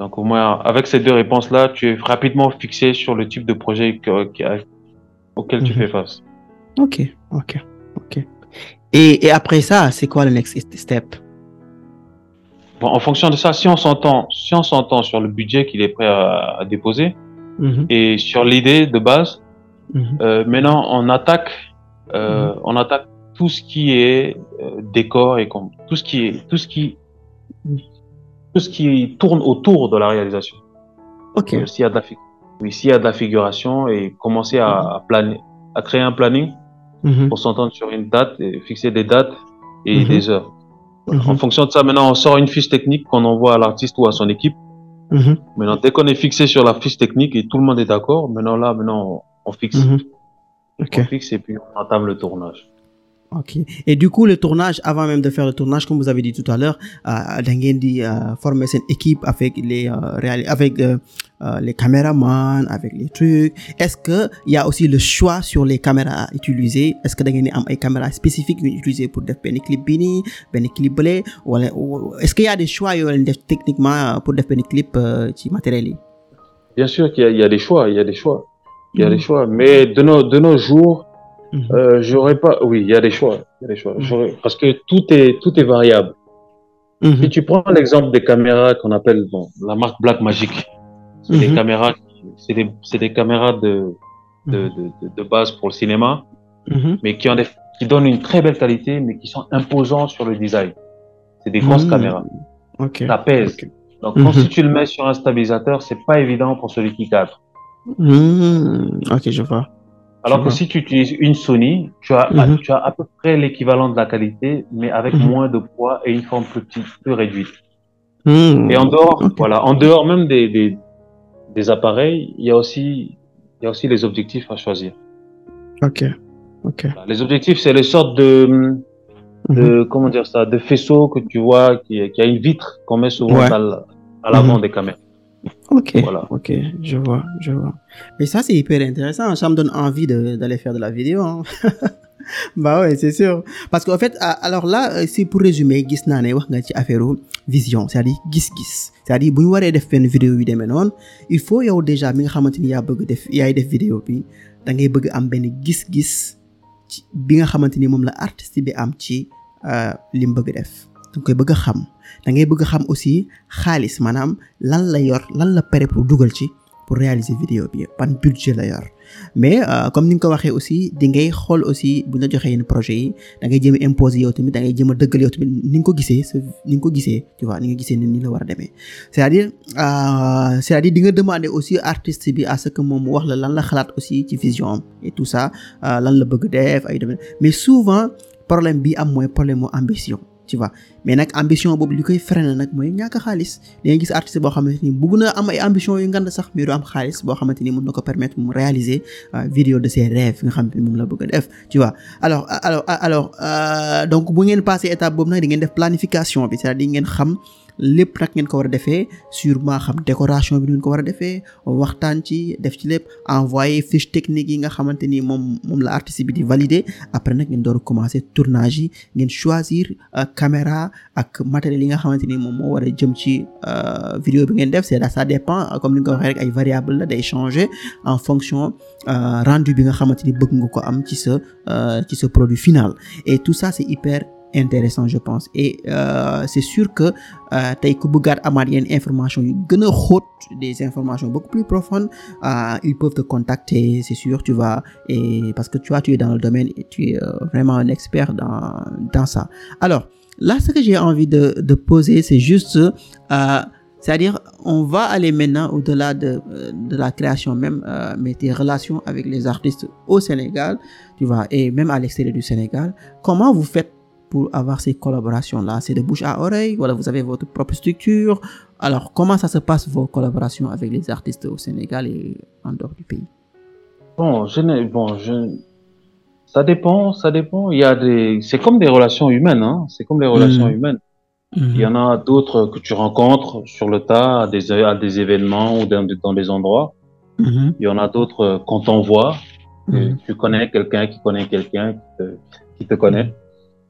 Donc au moins, avec ces deux réponses-là, tu es rapidement fixé sur le type de projet que, que, auquel mm -hmm. tu fais mhm. face. Ok, ok, ok. Et, et après ça, c'est quoi le next step bon, En fonction de ça, si on s'entend, si on s'entend sur le budget qu'il est prêt à, à déposer mm -hmm. et sur l'idée de base, mm -hmm. euh, maintenant on attaque, euh, mhm. on attaque tout ce qui est euh, décor et comme tout ce qui est tout ce qui tout ce qui tourne autour de la réalisation. Ok. S'il y a de la fiction oui, s'il y a de la figuration et commencer à, mmh. à, planer, à créer un planning mmh. pour s'entendre sur une date, et fixer des dates et mmh. des heures. Mhm. En fonction de ça, maintenant, on sort une fiche technique qu'on envoie à l'artiste ou à son équipe. Mhm. Maintenant, dès qu'on est fixé sur la fiche technique et tout le monde est d'accord, maintenant là, maintenant, on, on fixe. Mhm. Okay. On fixe et puis on entame le tournage. Ok. Et du coup, le tournage, avant même de faire le tournage, comme vous avez dit tout à l'heure, euh, Dangendi euh, former cette équipe avec les, euh, avec, euh, euh, les caméramans avec les trucs est-ce que y a aussi le choix sur les caméras à utiliser est-ce que da ngeen di am ay caméras spécifiques yu utiliser pour def benn clip bii nii benn clip bële wala est-ce que y a des choix techniquement euh, pour def benn clip euh, ci matériel yi. bien sûr qu'il y a il y a des choix parce que tout est tout est variable. Mm-hmm. si tu prends l'exemple des caméras qu'on appelle la marque Blackmagic. C'est mm -hmm. des caméras, mhm. de de, base pour le cinéma, mhm. mais qui, ont des, qui donnent une très belle qualité, mais qui sont imposants sur le design. C'est des grosses mhm. caméras. Ok. Ça pèse. Okay. Donc, quand si tu le mets sur un stabilisateur, c'est pas évident pour celui qui cadre. Alors que si tu utilises une Sony, tu as, mm -hmm. à peu près l'équivalent de la qualité, mais avec moins de poids et une forme plus réduite. Et en dehors, même des, des appareils, il y a aussi, il y a aussi les objectifs à choisir. Ok. ok. Les objectifs, c'est les sortes de, de mmh. comment dire ça, de faisceaux que tu vois, qui, qui a une vitre qu'on met souvent ouais. à, l'avant mmh. des caméras. Ok, voilà. ok, je vois, je vois. Mais ça, c'est hyper intéressant. Ça me donne envie d'aller faire de la vidéo. Hein. bah ouais c'est sûr parce que en fait alors la euh, si pour résumer gis naa ne wax nga ci affaire vision cest à gis-gis c'est-à-dire bu ñu waree def benn vidéo yu demee noonu il faut yow déjà mi nga xamante ni yaa bëgg def yaay def vidéo bi da ngay bëgg am benn gis-gis bi nga xamante ni moom la artiste bi am ci euh, li mu bëgg def da koy bëgg a xam da ngay bëgg xam aussi xaalis maanaam lan la yor lan la pare pour dugal ci pour réaliser vidéo bi ban budget la yor mais euh, comme ni nga ko waxee aussi di ngay xool aussi bu ñu la joxee yenn projet yi da ngay jéem a imposer yow tamit da ngay jéem a dëggal yow tamit ni nga ko gisee sa ni ko gisee tu vois ni nga gisee ni ni la war a demee c'est-à-dire euh, di nga demander aussi artist bi à ce que moom mu wax la lan la xalaat aussi ci vision et tout sa euh, lan la bëgg def ay domaine mais souvent problème bi am mooy problème mu ambition tu vois mais nag ambition boobu li koy freiné nag mooy ñàkk xaalis da ngay gis artiste boo xamante ni bugg na am ay ambition yu ngand sax mais du am xaalis boo xamante ni mën na ko permettre mu réaliser euh, vidéo de ses rêves nga xam ne moom la bëgg def tu vois alors alors alors euh, donc bu ngeen passé étape boobu nag di ngeen def planification bi cest di dire ngeen xam lépp nag ngeen ko war a defee sûrement xam décoration bi ngeen ko war a defee waxtaan ci def ci lépp envoyé fiche technique yi nga xamante ni moom moom la artiste bi di valider après nag ngeen door a commencer tournage ngeen choisir euh, caméra ak matériel yi nga xamante ni moom moo war a jëm ci euh, vidéo bi ngeen def c'est ça dépend euh, comme ni nga ko waxee rek ay variable la day en fonction rendu bi nga xamante ni bëgg nga ko am ci sa ci sa produit final et tout ça c'est hyper intéressant je pense et euh, c'est sûr que euh, tey ku bëggaat amaat yenn information yu gën a xóot des informations beaucoup plus profondes euh, ils peuvent te contacter c'est sûr tu vas et parce que tu vois tu es dans le domaine et tu es euh, vraiment un expert dans dans ça alors là ce que j'ai envie de de poser c'est juste c'est-à-dire, on va aller maintenant au-delà de, de, la création même, euh, mais tes relations avec les artistes au Sénégal, tu vois, et même à l'extérieur du Sénégal. Comment vous faites pour avoir ces collaborations-là C'est de bouche à oreille Voilà, vous avez votre propre structure. Alors, comment ça se passe vos collaborations avec les artistes au Sénégal et en dehors du pays Bon, je n'ai, bon, je, ça dépend, ça dépend. Il y a des, c'est comme des relations humaines, hein. C'est comme les relations mmh. humaines. Mmh. Il y en a d'autres que tu rencontres sur le tas, à des, à des événements ou dans, dans des endroits. Mmh. Il y en a d'autres qu'on t'envoie. Mm-hmm. Tu connais quelqu'un qui connaît quelqu'un qui te, qui te connaît.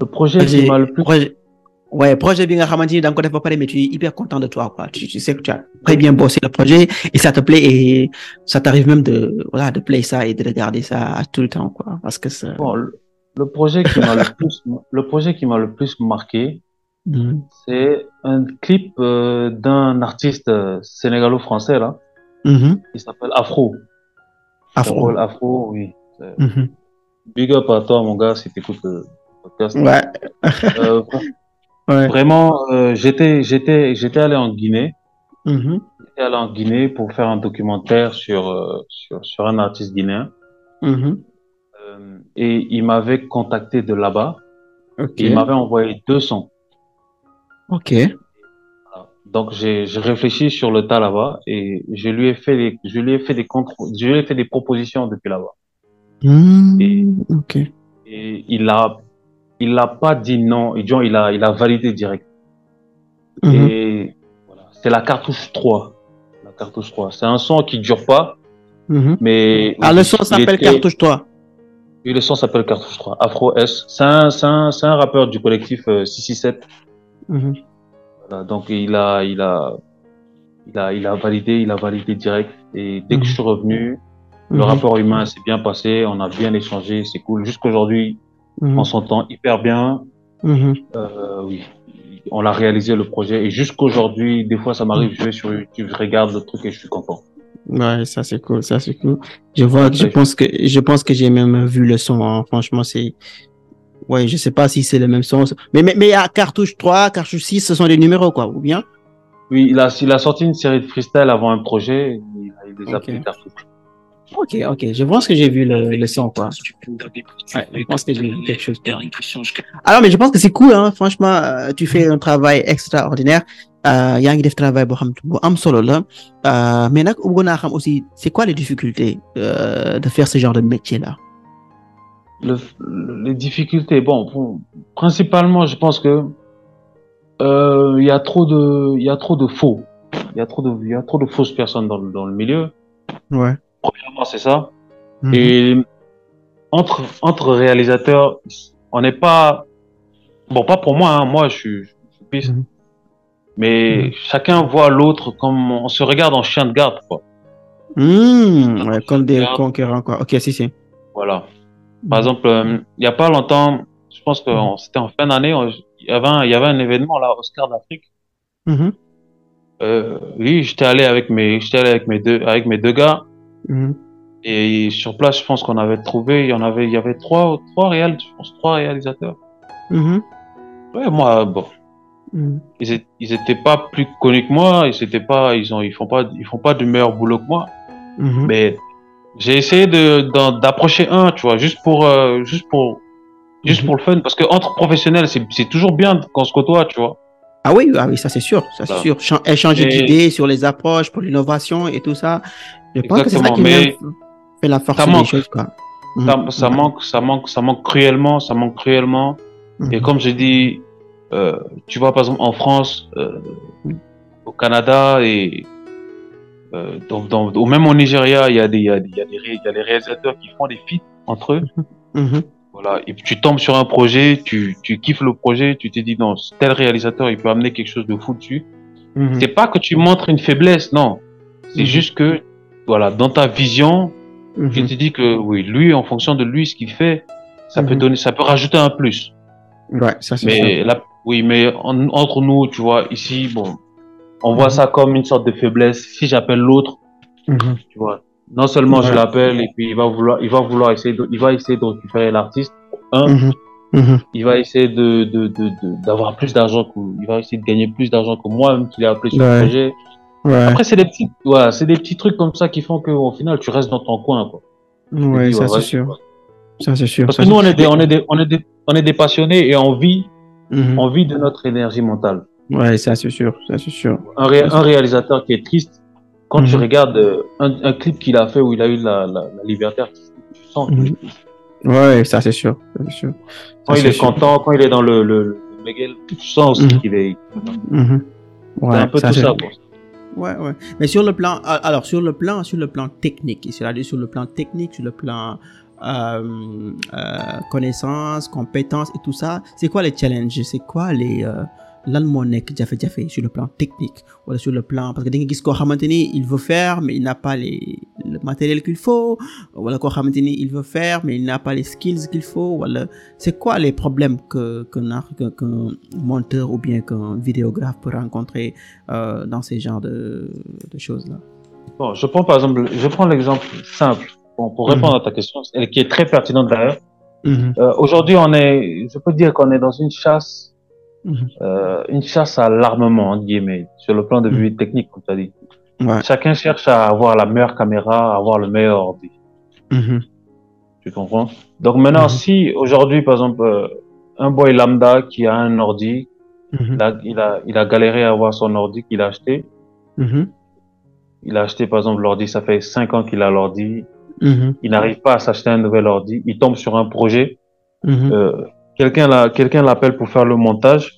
le projet qui m'a le plus projet, ouais projet bi nga xamante ni da nga ko def ba pare mais tu es hyper content de toi quoi tu, tu sais que tu as très bien bossé le projet et ça te plaît et ça t'arrive même de voilà de play ça et de regarder ça à tout le temps quoi parce que ça... bon, le, le projet qui m'a le plus le projet qui m'a le plus marqué mmh. c'est un clip euh, d'un artiste euh, sénégalo-français là mmh. qui s'appelle Afro Afro Afro oui mmh. big up à toi mon gars si t'écoutes euh... podcast. Ouais. Euh, ouais. Vraiment, euh, j'étais, mm-hmm. j'étais, allé en Guinée. pour faire un documentaire sur euh, un artiste guinéen. Mm-hmm. Euh, et il m'avait contacté de là-bas. Il m'avait envoyé deux sons. Ok. Donc j'ai réfléchi sur le tas et je lui ai fait des propositions depuis là mm-hmm. Et il a il n'a pas dit non, John, il a, il a validé direct. Mm -hmm. Et c'est la cartouche 3. La cartouche 3. C'est un son qui ne dure pas, mhm. mais. Ah, le son s'appelle cartouche 3. Afro S. C'est un, rappeur du collectif euh, 667. Mm donc il a, il validé, il a validé direct. Et dès que mhm. je suis revenu, le mhm. rapport humain s'est bien passé, on a bien échangé, c'est cool. Jusqu'aujourd'hui, Mmh. On s'entend hyper bien. Mmh. Euh, oui. On a réalisé le projet et jusqu'aujourd'hui, des fois, ça m'arrive, je vais sur YouTube, je regarde le truc et je suis content. Ouais, ça c'est cool, ça c'est cool. Je vois, ouais, je pense que je pense que j'ai même vu le son. Hein. Franchement, c'est ouais, je sais pas si c'est le même son. Mais mais mais à ah, cartouche 3, cartouche 6, ce sont des numéros quoi, ou bien Oui, il a il a sorti une série de freestyle avant un projet, il, il les a okay. appelés cartouches. Ok, ok. Je pense que j'ai vu le, son, quoi. je pense que c'est cool, Franchement, euh, tu fais un travail extraordinaire. Euh, yaa ngi def travail boo xam bu am solo la euh, mais nag bëggoon naa xam aussi c'est quoi les difficultés euh, de faire ce genre de métier là. les difficultés principalement je pense que il euh, y a trop de il y faux il y a trop de fausses personnes dans le milieu. premièrement, c'est ça. Mm -hmm. Et entre, entre réalisateurs, on n'est pas. Bon, pas pour moi, hein, moi je suis, je piste. Mm -hmm. Mais mm -hmm. chacun voit l'autre comme. On se regarde en chien de garde, quoi. Hmm, ouais, comme des de conquérants, quoi. Ok, si, si. Voilà. Par exemple, euh, il euh, n'y a pas longtemps, je pense que mhm. c'était en fin d'année, il y, avait un, y avait un événement, là, Oscar d'Afrique. Mhm. Euh, oui, j'étais allé avec mes, j'étais avec mes deux, avec mes deux gars. Mmh. Et sur place, je pense qu'on avait trouvé, il y en avait, il y avait trois, trois réals, je pense, trois réalisateurs. Mmh. Ouais, moi, bon. Mmh. Ils, étaient, ils étaient pas plus connus que moi, ils étaient pas, ils ont, ils font pas, ils font pas du meilleur boulot que moi. Mhm. Mais j'ai essayé de, d'approcher un, tu vois, juste pour, euh, juste pour, juste mhm. pour le fun, parce que entre professionnels, c'est, toujours bien qu'on se côtoie, tu vois. Ah oui, ah oui, ça c'est sûr, ça c'est sûr. Ch échanger et... d'idées sur les approches pour l'innovation et tout ça. Je pense que c'est ça qui mais... fait la force ça manque, des choses, quoi. Ça, mmh. ça, manque, ça manque, ça manque cruellement, ça manque cruellement. Mmh. Et comme je dis, euh, tu vois, par exemple, en France, euh, au Canada et euh, dans, dans, ou même au Nigeria, il y, a des, y, a des, y, a des, y a des réalisateurs qui font des feats entre eux. Mmh. Voilà, et tu tombes sur un projet, tu, tu kiffes le projet, tu te dis, non, tel réalisateur, il peut amener quelque chose de fou dessus. Mhm. C'est pas que tu montres une faiblesse, non. C'est mhm. juste que voilà, dans ta vision, mm -hmm. tu te dis que lui, en fonction de lui, ce qu'il fait, ça peut mhm. rajouter un plus. Mais oui, mais entre nous, tu vois, ici, on voit mhm. ça comme une sorte de faiblesse. Si j'appelle l'autre, mhm. non seulement je l'appelle il va vouloir, essayer, de, il l'artiste. Il va essayer d'avoir plus d'argent que moi même qu'il a appelé sur ouais. le Ouais. Après, c'est des, petits, voilà, c'est des petits trucs comme ça qui font qu'au final, tu restes dans ton coin. Quoi. Ouais, dis, ça, ouais, c'est ouais, sûr. Quoi. ça, c'est sûr. Parce ça, que nous, on est, des, on, est des, on, est des, on est des passionnés et on vit, mm-hmm. on vit de notre énergie mentale. Ouais, ça, c'est sûr. Ça, c'est sûr. Un, ré, un réalisateur qui est triste, quand mm-hmm. tu mhm. regardes euh, un, un, clip qu'il a fait où il a eu la, la, la libertaire, tu sens. Mm-hmm. Ouais, ça, c'est sûr. Ça, c'est sûr. Quand ça, il est sûr. content, quand il est dans le, le, le, tu sens aussi mhm. qu'il est. Mhm. C'est un peu tout ça, quoi. ouais, ouais. Mais sur le plan, euh, alors sur le plan, sur le plan technique, c'est-à-dire sur le plan technique, sur le plan euh, euh, connaissance, compétence et tout ça, c'est quoi les challenges C'est quoi les, euh, lan moo nekk jafe-jafe sur le plan technique wala sur le plan parce que da nga gis koo xamante ni il veut faire mais il n'a pas les le matériel qu'il faut wala koo xamante ni il veut faire mais il n'a pas les skills qu'il faut wala c'est quoi les problèmes que que na qu'un monteur ou bien qu'un vidéographe peut rencontrer euh, dans ces genres de de choses là. Bon, je prends par exemple je prends l'exemple simple bon, pour répondre mm -hmm. à ta question et qui est très pertinente d'ailleurs. Mm -hmm. euh, aujourd'hui on est je peux dire qu'on est dans une chasse Mhm. euh, une chasse à l'armement, entre sur le plan de vue mhm. technique, Chacun cherche à avoir la meilleure caméra, à avoir le meilleur ordi. Mhm. Tu comprends Donc maintenant, si aujourd'hui, par exemple, euh, un boy lambda qui a un ordi, il, a, il, à avoir son ordi qu'il a acheté. Il a acheté, par exemple, l'ordi, ça fait 5 ans qu'il a l'ordi. Il n'arrive pas à s'acheter un nouvel ordi. Il tombe sur un projet. Euh, quelqu'un l'appelle pour faire le montage.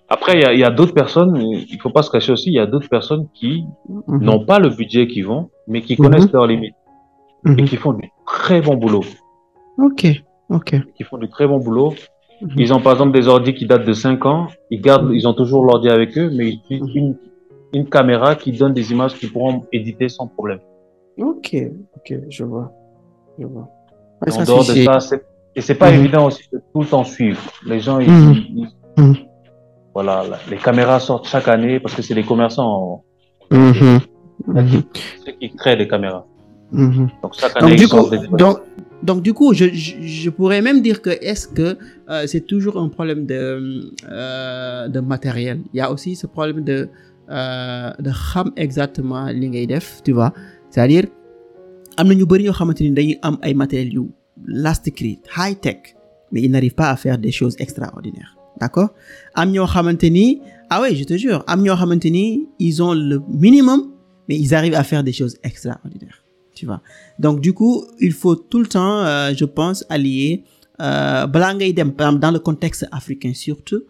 Après, il y a, a d'autres personnes, il faut pas y a d'autres personnes qui mmh. n'ont pas le budget qu'ils vont, mais qui mmh. connaissent mhm. leurs limites mmh. et mhm. qui font du très bon boulot. Ok, ok. Qui font du très bon boulot. Mhm. Ils ont par exemple des ordi qui datent de 5 ans, ils ont toujours l'ordi avec eux, mais une, caméra qui donne des images qu'ils pourront éditer sans problème. Ok, je vois. Je vois. Ouais, évident tout le temps Les gens, voilà, les caméras sortent chaque année parce que c'est les commerçants mhm. Mhm. Mhm. Donc je, je, je, pourrais même dire que est-ce que euh, c'est toujours un problème de, euh, de matériel Il aussi ce problème de euh, de xam exactement li ngay def, tu vois C'est-à-dire, am na ñu bëri ñoo xamante ni dañuy am ay matériels yu last cri high tech, mais ils n'arrivent pas à faire des choses extraordinaires. d'accord am ñoo xamante ni ah oui je te jure am ñoo xamante ni ils ont le minimum mais ils arrivent à faire des choses extraordinaires tu donc du coup il faut tout le temps euh, je pense allier euh, balaa ngay dem par exemple dans le contexte africain surtout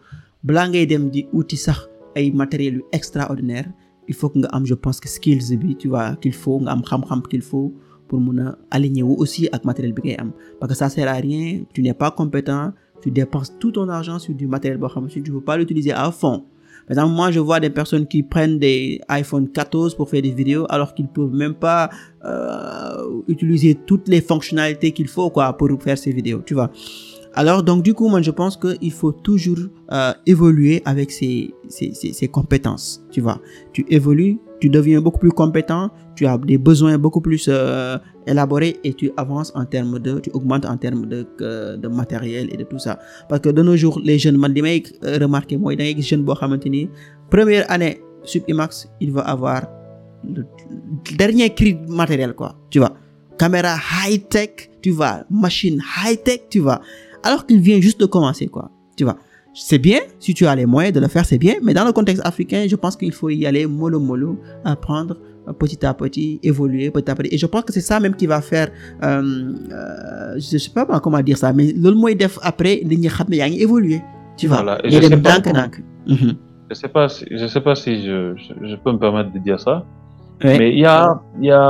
balaa ngay dem di uti sax ay matériels extraordinaire il faut nga am je pense que skills bi tu vois qu'il faut am xam-xam qu'il faut pour mun a aligner wu aussi ak matériel bi ngay am parce que ça sert rien tu n'es pas compétent tu dépenses tout ton argent sur du matériel boo xam ne tu ne peux pas l'utiliser à fond par exemple moi je vois des personnes qui prennent des iPhone 14 pour faire des vidéos alors qu'ils peuvent même pas euh, utiliser toutes les fonctionnalités qu'il faut quoi pour faire ces vidéos tu vois alors donc du coup moi je pense que il faut toujours euh, évoluer avec ses, ses, ses, ses compétences tu vois tu évolues tu deviens beaucoup plus compétent, tu as des besoins beaucoup plus euh, élaborés et tu avances en termes de, tu augmentes en termes de, euh, de matériel et de tout ça. Parce que de nos jours, les jeunes, man, les mecs, euh, remarquez, moi, les jeunes, première année, Subimax, il va avoir le dernier cri de matériel, quoi. Tu vois, caméra high-tech, tu vois, machine high-tech, tu vois. Alors qu'il vient juste de commencer, quoi. Tu vois. c'est bien, si tu as les moyens de le faire, c'est bien, mais dans le contexte africain, je pense qu'il faut y aller mollo mollo, apprendre euh, petit à petit, évoluer petit à petit. Et je pense que c'est ça même qui va faire, euh, euh, je sais pas comment dire ça, mais le mois def après, les gens évoluer, tu vois. Voilà. Et je, sais pas, mm -hmm. je sais pas si, je sais pas si je, je, je peux me permettre de dire ça, ouais. mais il y a, il y a,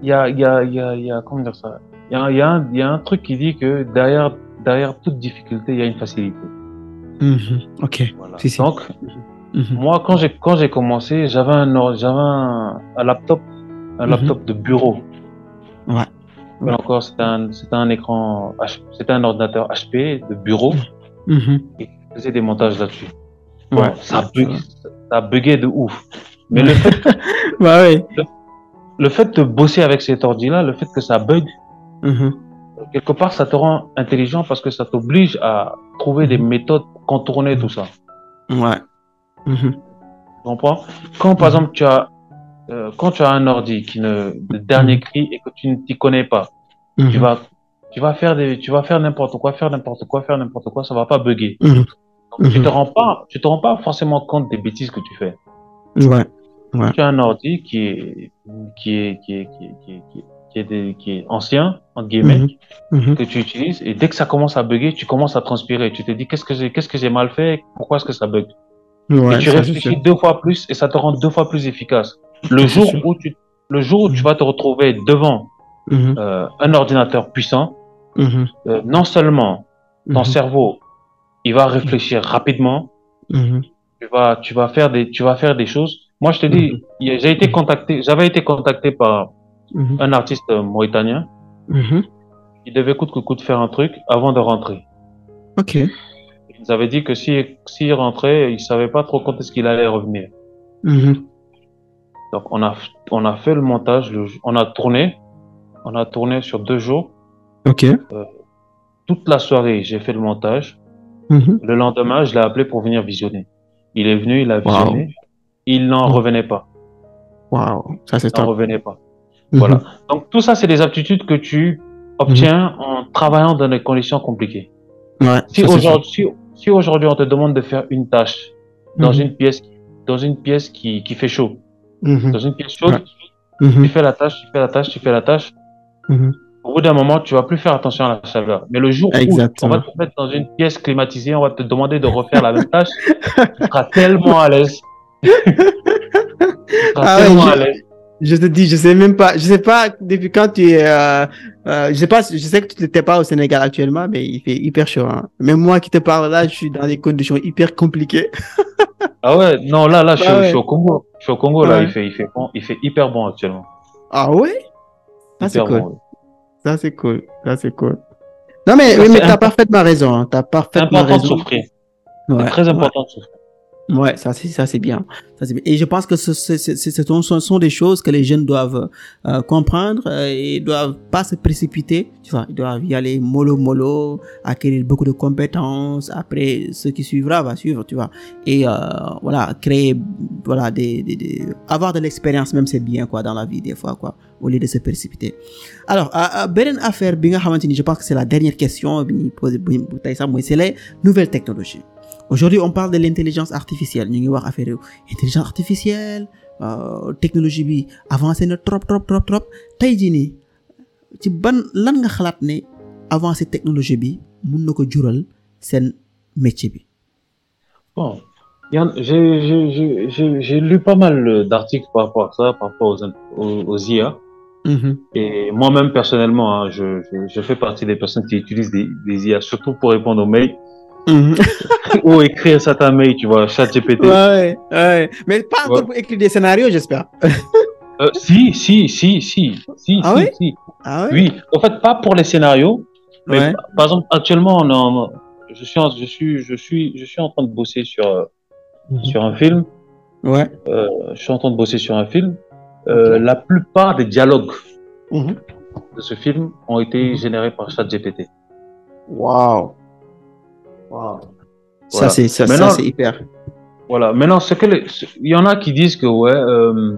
il y a, il y a, il y a, comment dire ça, il y a, il y, a un, il y a un truc qui dit que derrière derrière toute difficulté, il y a une facilité. Mhm. Donc, mhm. quand j'ai commencé, j'avais un laptop, un mhm. laptop de bureau. Mais encore, c'était un, écran, c'était un ordinateur HP de bureau. Et je faisais des montages là-dessus. Bon, ouais. de ouf. Mais le fait, de bosser avec cet ordi-là, le fait que ça bug, quelque part, ça parce que ça t'oblige à trouver des méthodes pour tout ça. Ouais. Mhm. comprends Quand, par mhm. exemple, euh, tu as, un ordi qui ne, dernier mhm. cri et que tu ne connais pas, tu vas, faire n'importe quoi, faire n'importe quoi, faire n'importe quoi, ça va pas bugger. tu te te rends pas forcément compte des bêtises que tu fais. Tu as un ordi qui est, qui est, qui est, qui est, qui est, qui est qui est, des, qui est ancien, entre guillemets, mm -hmm. que tu utilises. Et dès que ça commence à bugger, tu commences à transpirer. Tu te dis qu'est-ce que j'ai qu'est-ce que j'ai mal fait Pourquoi est-ce que ça bug ouais, Et tu réfléchis deux fois plus et ça te rend deux fois plus efficace. Le jour sûr. où tu le jour où tu vas te retrouver devant mm -hmm. euh, un ordinateur puissant, mm -hmm. euh, non seulement ton mhm. cerveau il va réfléchir rapidement, mhm. tu vas tu vas faire des tu vas faire des choses. Moi je te dis, mhm. j'ai été contacté, j'avais été contacté par mmh. un artiste mauritanien mmh. il devait coûte que coûte faire un truc avant de rentrer. Ok. Il nous avait dit que s'il si, si rentrait, il savait pas trop quand est-ce qu'il allait revenir. Mmh. Donc on a, on a fait le montage, le, on a tourné, on a tourné sur deux jours. Ok. Euh, toute la soirée, j'ai fait le montage. Mhm. Le lendemain, je l'ai appelé pour venir visionner. Il est venu, il a visionné. Wow. Il n'en mhm. revenait pas. Waouh, ça c'est un... revenait pas. Mhm. Voilà. Donc tout ça, c'est des aptitudes que tu obtiens mmh. en travaillant dans des conditions compliquées. si aujourd'hui, on te demande de faire une tâche dans mhm. une pièce, qui, fait chaud, mhm. dans une pièce chaude, tu fais la tâche, tu fais la tâche, Au bout d'un moment, tu vas plus faire attention à la chaleur. Mais le jour où on va te mettre dans une pièce climatisée, on va te demander de refaire la même tâche, tu seras tellement à l'aise. tu seras ah tellement à l'aise. Je te dis, je sais même pas, je sais pas depuis quand tu es, euh, euh, je sais que tu n'étais pas au Sénégal actuellement, il fait hyper chaud. Hein. Même moi qui te parle là, je suis dans des conditions hyper compliquées. ah ouais, non là, là, je, ah au Congo, là, il fait, hyper bon actuellement. Ah ouais, Non mais, t'as parfaitement raison, t'as parfaitement raison. Important de souffrir. Ouais, ça c'est ça c'est bien. Ça c'est Et je pense que ce, ce, ce, ce sont, sont, des choses que les jeunes doivent euh, comprendre euh, et doivent pas se précipiter. Tu vois, ils doivent y aller mollo mollo, acquérir beaucoup de compétences. Après, ce qui suivra va suivre, tu vois. Et euh, voilà, créer voilà des, des, des... avoir de l'expérience même c'est bien quoi dans la vie des fois quoi au lieu de se précipiter. Alors, beneen affaire bi nga xamante ni je pense que c'est la dernière question bi ñuy posé tey sax mooy c'est les nouvelles technologies. aujourd'hui on parle de l'intelligence artificielle ñu ngi wax affaire intelligence artificielle euh, technologie bi avancé na trop trop trop trop tey jii nii ci ban lan nga xalaat ne avancé technologie bi mun na ko jural seen métier bi. bon Yann j'ai j'ai j'ai j'ai lu pas mal euh, d'articles par rapport à ça par rapport aux aux, aux IA. Mmh. Et moi-même personnellement, hein, je, je je fais partie des personnes qui utilisent des, des IA surtout pour répondre aux mails Mmh. Ou écrire ça ta mail, tu vois, chat GPT. Ouais, ouais. Mais pas encore ouais. pour écrire des scénarios, j'espère. euh, si, si, si, si. si, ah si, oui? si. Ah oui? oui, en fait, pas pour les scénarios. Mais ouais. par exemple, actuellement, on en, je, suis en, je, suis, je, suis, je suis en train de bosser sur, mmh. sur un film. Ouais. Euh, je suis en train de bosser sur un film. Euh, okay. La plupart des dialogues mmh. de ce film ont été générés par ChatGPT. Waouh! Wow. Voilà. Ça, c'est, ça, ça c'est hyper. Voilà. Maintenant, ce que les... il y en a qui disent que, ouais, euh,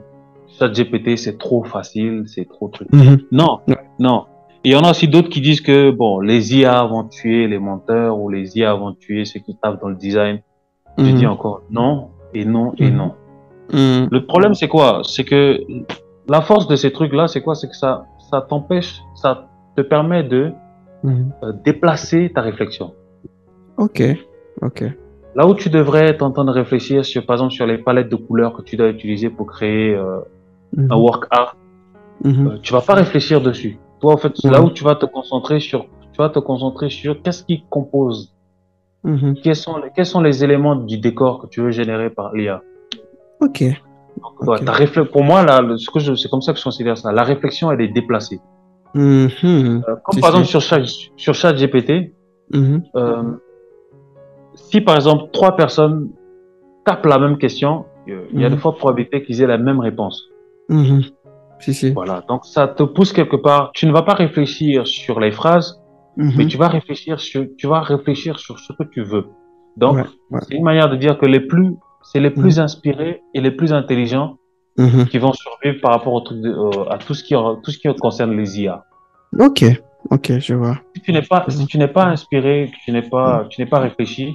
ChatGPT, c'est trop facile, c'est trop truc. Mm -hmm. Non, non. Il y en a aussi d'autres qui disent que, bon, les IA vont tuer les menteurs ou les IA vont tuer ceux qui tapent dans le design. Mm -hmm. Je mhm. dis encore non et non et mhm. non. Mm -hmm. Le problème, c'est quoi? C'est que la force de ces trucs-là, c'est quoi? C'est que ça, ça t'empêche, ça te permet de mhm. euh, déplacer ta réflexion. Ok, ok. Là où tu devrais t'entendre réfléchir, sur, par exemple, sur les palettes de couleurs que tu dois utiliser pour créer euh, mm -hmm. un work art, mm -hmm. tu vas pas réfléchir dessus. là où tu vas te concentrer sur, qu'est-ce qui compose, mhm. quels, sont les, éléments du décor que tu veux générer par l'IA. pour moi, là, c'est comme ça que je considère La réflexion, elle est déplacée. Mhm. Euh, par exemple sur chaque GPT, mhm. euh, si par exemple trois personnes tapent la même question, euh, il y a mhm. de fortes probabilités qu'ils aient la même réponse. Mhm. Si, si. Voilà, donc ça te pousse quelque part. Tu ne vas pas réfléchir sur les phrases, mhm. mais tu vas réfléchir sur, ce que tu veux. Donc, c'est une manière de dire que les plus, inspirés et les plus intelligents qui vont survivre par rapport à tout ce, qui, concerne les IA. Ok, ok, je vois. Si tu n'es pas réfléchi,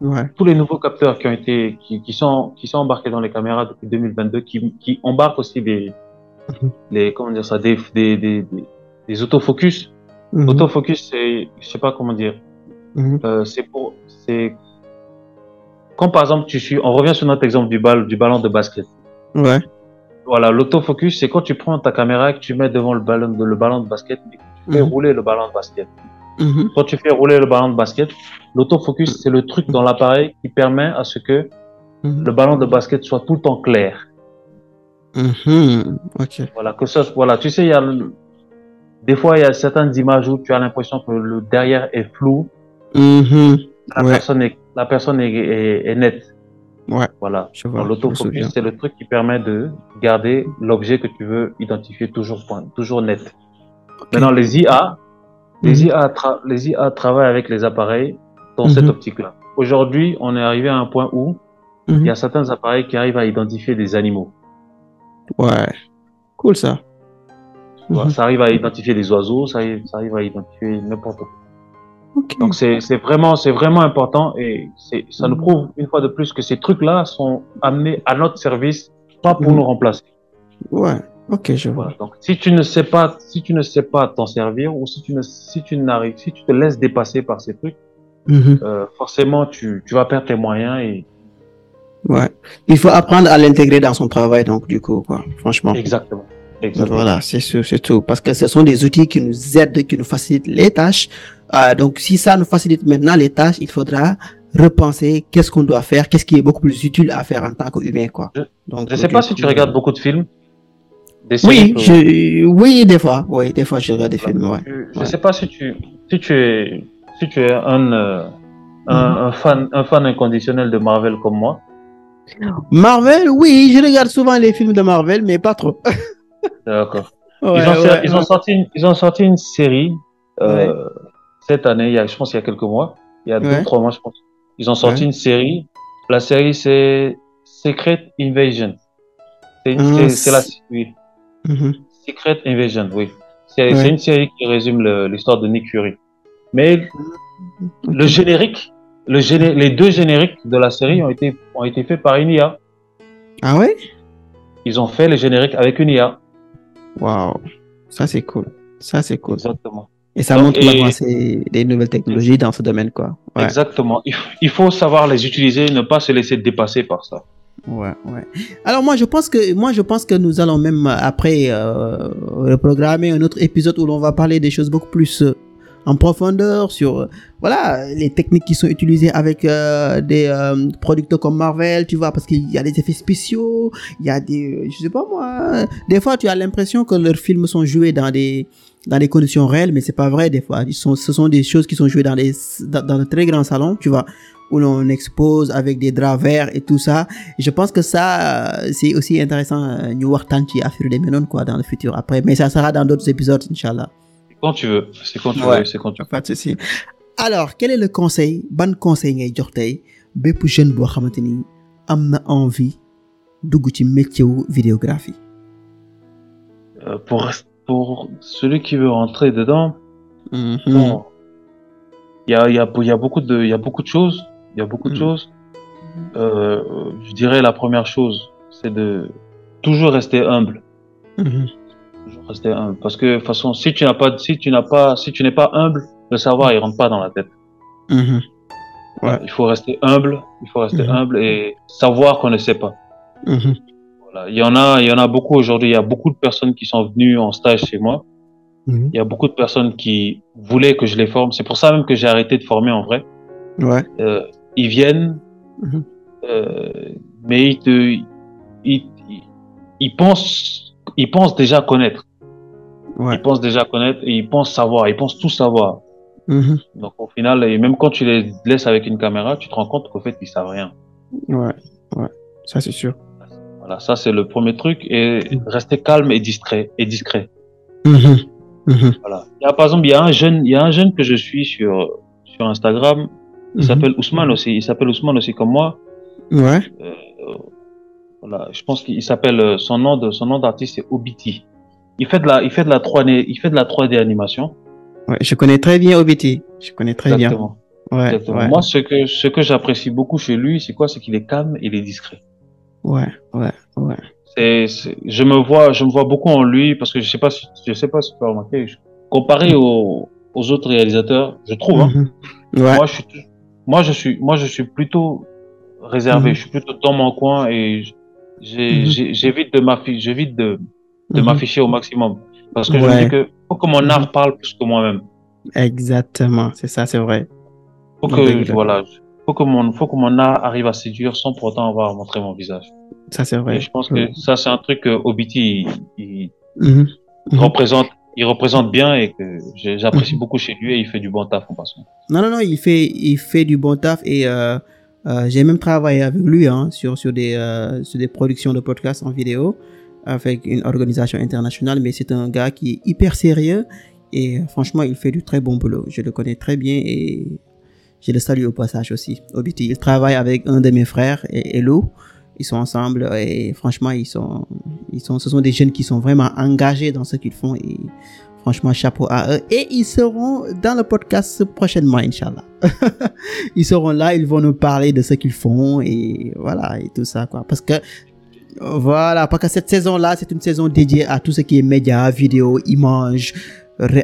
Ouais. Tous les nouveaux capteurs qui ont été, qui, qui, sont, qui sont embarqués dans les caméras depuis qui, embarquent aussi les, mhm. comment dire ça, des, des, des, des autofocus. Mmh. c'est, je sais pas comment dire, mhm. euh, c'est pour, quand par exemple on revient sur notre exemple du ballon de basket. Ouais. Voilà, l'autofocus, c'est quand tu prends ta caméra et que tu mets devant le ballon, de basket mhm. et Quand tu fais rouler le ballon de basket, L'autofocus, c'est le truc dans l'appareil qui permet que mhm. le ballon de basket soit tout le temps clair. Mmh. Okay. tu sais, le, des fois, il y a certaines images où tu as l'impression que le derrière est flou. Mhm. La, personne est, la personne est, est, c'est le truc qui permet de garder l'objet que tu veux identifier toujours, net. Okay. Maintenant, les IA, les, mhm. IA les avec les appareils dans mmh. cette mhm. optique-là. Aujourd'hui, on est arrivé à un point où il y a mhm. certains appareils qui arrivent à identifier des animaux. cool ça. Mmh. à identifier des oiseaux, ça arrive, ça arrive Donc c'est vraiment, vraiment important et ça nous mhm. prouve une fois de plus que ces trucs-là sont amenés à notre service, pas pour nous remplacer. si tu ne sais pas, t'en servir ou si tu n'arrives, si tu te laisses dépasser par ces trucs, mmh. euh, forcément, tu, tu vas perdre tes moyens et Ouais. Il faut apprendre à l'intégrer dans son travail, donc, du coup, quoi, franchement. Exactement. Exactement. Voilà, c'est c'est tout. Parce que ce sont des outils qui nous aident, qui nous facilitent les tâches. Euh, donc, si ça nous facilite maintenant les tâches, il faudra repenser qu'est-ce qu'on doit faire, qu'est-ce qui est beaucoup plus utile à faire en tant qu'humain, quoi. Donc, je ne sais pas si tu regardes beaucoup de films. Des oui, que... je, euh, oui, des fois. Oui, des fois, je regarde des films, ouais. Je ne ouais. sais pas si tu, si tu es, si tu es un, euh, un, mhm. un, fan, un fan inconditionnel de Marvel comme moi. Marvel, oui, je regarde souvent les films de Marvel, mais pas trop. D'accord. Ouais, ils, ont, ouais, ils, ont ouais. sorti une, ils ont sorti une série euh, cette année, il y a, je pense il y a quelques mois, il y a deux, trois mois, je pense. Ils ont sorti une série. La série, c'est Secret Invasion. C'est mmh, la oui. Mmh. Secret Invasion, oui. C'est une série qui résume l'histoire de Nick Fury. Mais le générique, le géné les deux génériques de la série ont été, ont été faits par une IA. Ah ouais Ils ont fait les génériques avec une IA. Waouh, ça c'est cool. Ça c'est cool. Exactement. Et ça Donc, montre l'avancée des nouvelles technologies dans ce domaine, quoi. Ouais. Exactement. Il faut savoir les utiliser, ne pas se laisser dépasser par ça. Ouais, ouais. Alors moi je pense que moi je pense que nous allons même euh, après euh, reprogrammer un autre épisode où l'on va parler des choses beaucoup plus euh, en profondeur sur euh, voilà les techniques qui sont utilisées avec euh, des euh, producteurs comme Marvel, tu vois, parce qu'il y a des effets spéciaux, il y a des, euh, je sais pas moi, des fois tu as l'impression que leurs films sont joués dans des dans des conditions réelles, mais c'est pas vrai des fois. Ils sont, ce sont des choses qui sont jouées dans des dans, dans de très grands salons, tu vois, où l'on expose avec des draps verts et tout ça. Et je pense que ça, euh, c'est aussi intéressant, New York Tanti, Afro des Menon, quoi, dans le futur après. Mais ça sera dans d'autres épisodes, Inch'Allah. quand tu veux c'est quand tu ouais. veux c'est quand tu veux. pas de souci alors quel est le conseil ban conseil ngay jox tey bépp jeune boo xamante ni am na envie dugg ci métier wu vidéographie. Euh, pour pour celui qui veut rentrer dedans. Mm -hmm. bon il y a il y a il y a beaucoup de il y a beaucoup de choses il y a beaucoup de mm -hmm. choses. Euh, je dirais la première chose c'est de toujours rester humble. Mm -hmm. toujours rester humble. Parce que de toute façon, si tu n'as pas, si tu n'as pas, si tu n'es pas humble, le savoir il rentre pas dans la tête. Mmh. Ouais. Il faut rester humble, il faut rester mmh. humble et savoir qu'on ne sait pas. Mmh. Voilà. Il y en a, il y en a beaucoup aujourd'hui. Il y a beaucoup de personnes qui sont venues en stage chez moi. Mm-hmm. Il y a beaucoup de personnes qui voulaient que je les forme. C'est pour ça même que j'ai arrêté de former en vrai. Ouais. Euh, ils viennent, mm-hmm. euh, mais ils te, ils, ils, ils pensent ils pensent déjà connaître. Ouais. Ils pensent déjà connaître et ils pensent savoir, ils pensent tout savoir. Mmh. Donc au final, et même quand tu les laisses avec une caméra, tu te rends compte qu'au fait, ils savent rien. Ouais, ouais, ça c'est sûr. Voilà, ça c'est le premier truc et mmh. rester calme et discret et discret. Mmh. Voilà. Il y a, par exemple, il y a un jeune, il y a un jeune que je suis sur sur Instagram. Il mm-hmm. s'appelle Ousmane aussi. Il s'appelle Ousmane aussi comme moi. Ouais. Euh, Voilà, je pense qu'il s'appelle euh, son nom de son nom d'artiste c'est Obiti. Il fait de la il fait de la 3D il fait de la 3D animation. Ouais, je connais très bien Obiti. Je connais très Exactement. bien. Ouais, Exactement. Ouais. Moi ce que ce que j'apprécie beaucoup chez lui, c'est quoi C'est qu'il est calme et il est discret. Ouais, ouais, ouais. C'est je me vois je me vois beaucoup en lui parce que je sais pas si, je sais pas si tu as remarqué comparé aux, aux autres réalisateurs, je trouve hein, mm -hmm. ouais. Moi je suis moi je suis moi je suis plutôt réservé, mm -hmm. je suis plutôt dans mon coin et je, Mhm. j'évite de m'afficher, j'évite de, de mhm. m'afficher au maximum. Parce que ouais. je me dis que faut que mon art parle plus que moi-même. Exactement, c'est ça, c'est vrai. Faut que, Exactement. voilà, faut que mon, faut que mon art arrive à séduire sans pourtant avoir montré mon visage. Ça, c'est vrai. Et je pense ouais. que ça, c'est un truc que Obiti, il, il mmh. représente il représente bien et que j'apprécie beaucoup chez lui et il fait du bon taf en passant. Non, non, non, il fait, il fait du bon taf et euh, Euh, j'ai même travaillé avec lui hein, sur, sur, des, euh, sur des productions de podcasts en vidéo avec une organisation internationale, mais c'est un gars qui est hyper sérieux et franchement, il fait du très bon boulot. Je le connais très bien et je le salue au passage aussi. Obiti, il travaille avec un de mes frères, Hello. Ils sont ensemble et franchement, ils sont, ils sont, ce sont des jeunes qui sont vraiment engagés dans ce qu'ils font et Franchement, chapeau à eux. Et ils seront dans le podcast prochainement, Inch'Allah. ils seront là, ils vont nous parler de ce qu'ils font et voilà, et tout ça, quoi. Parce que, voilà, parce que cette saison-là, c'est une saison dédiée à tout ce qui est médias, vidéos, images,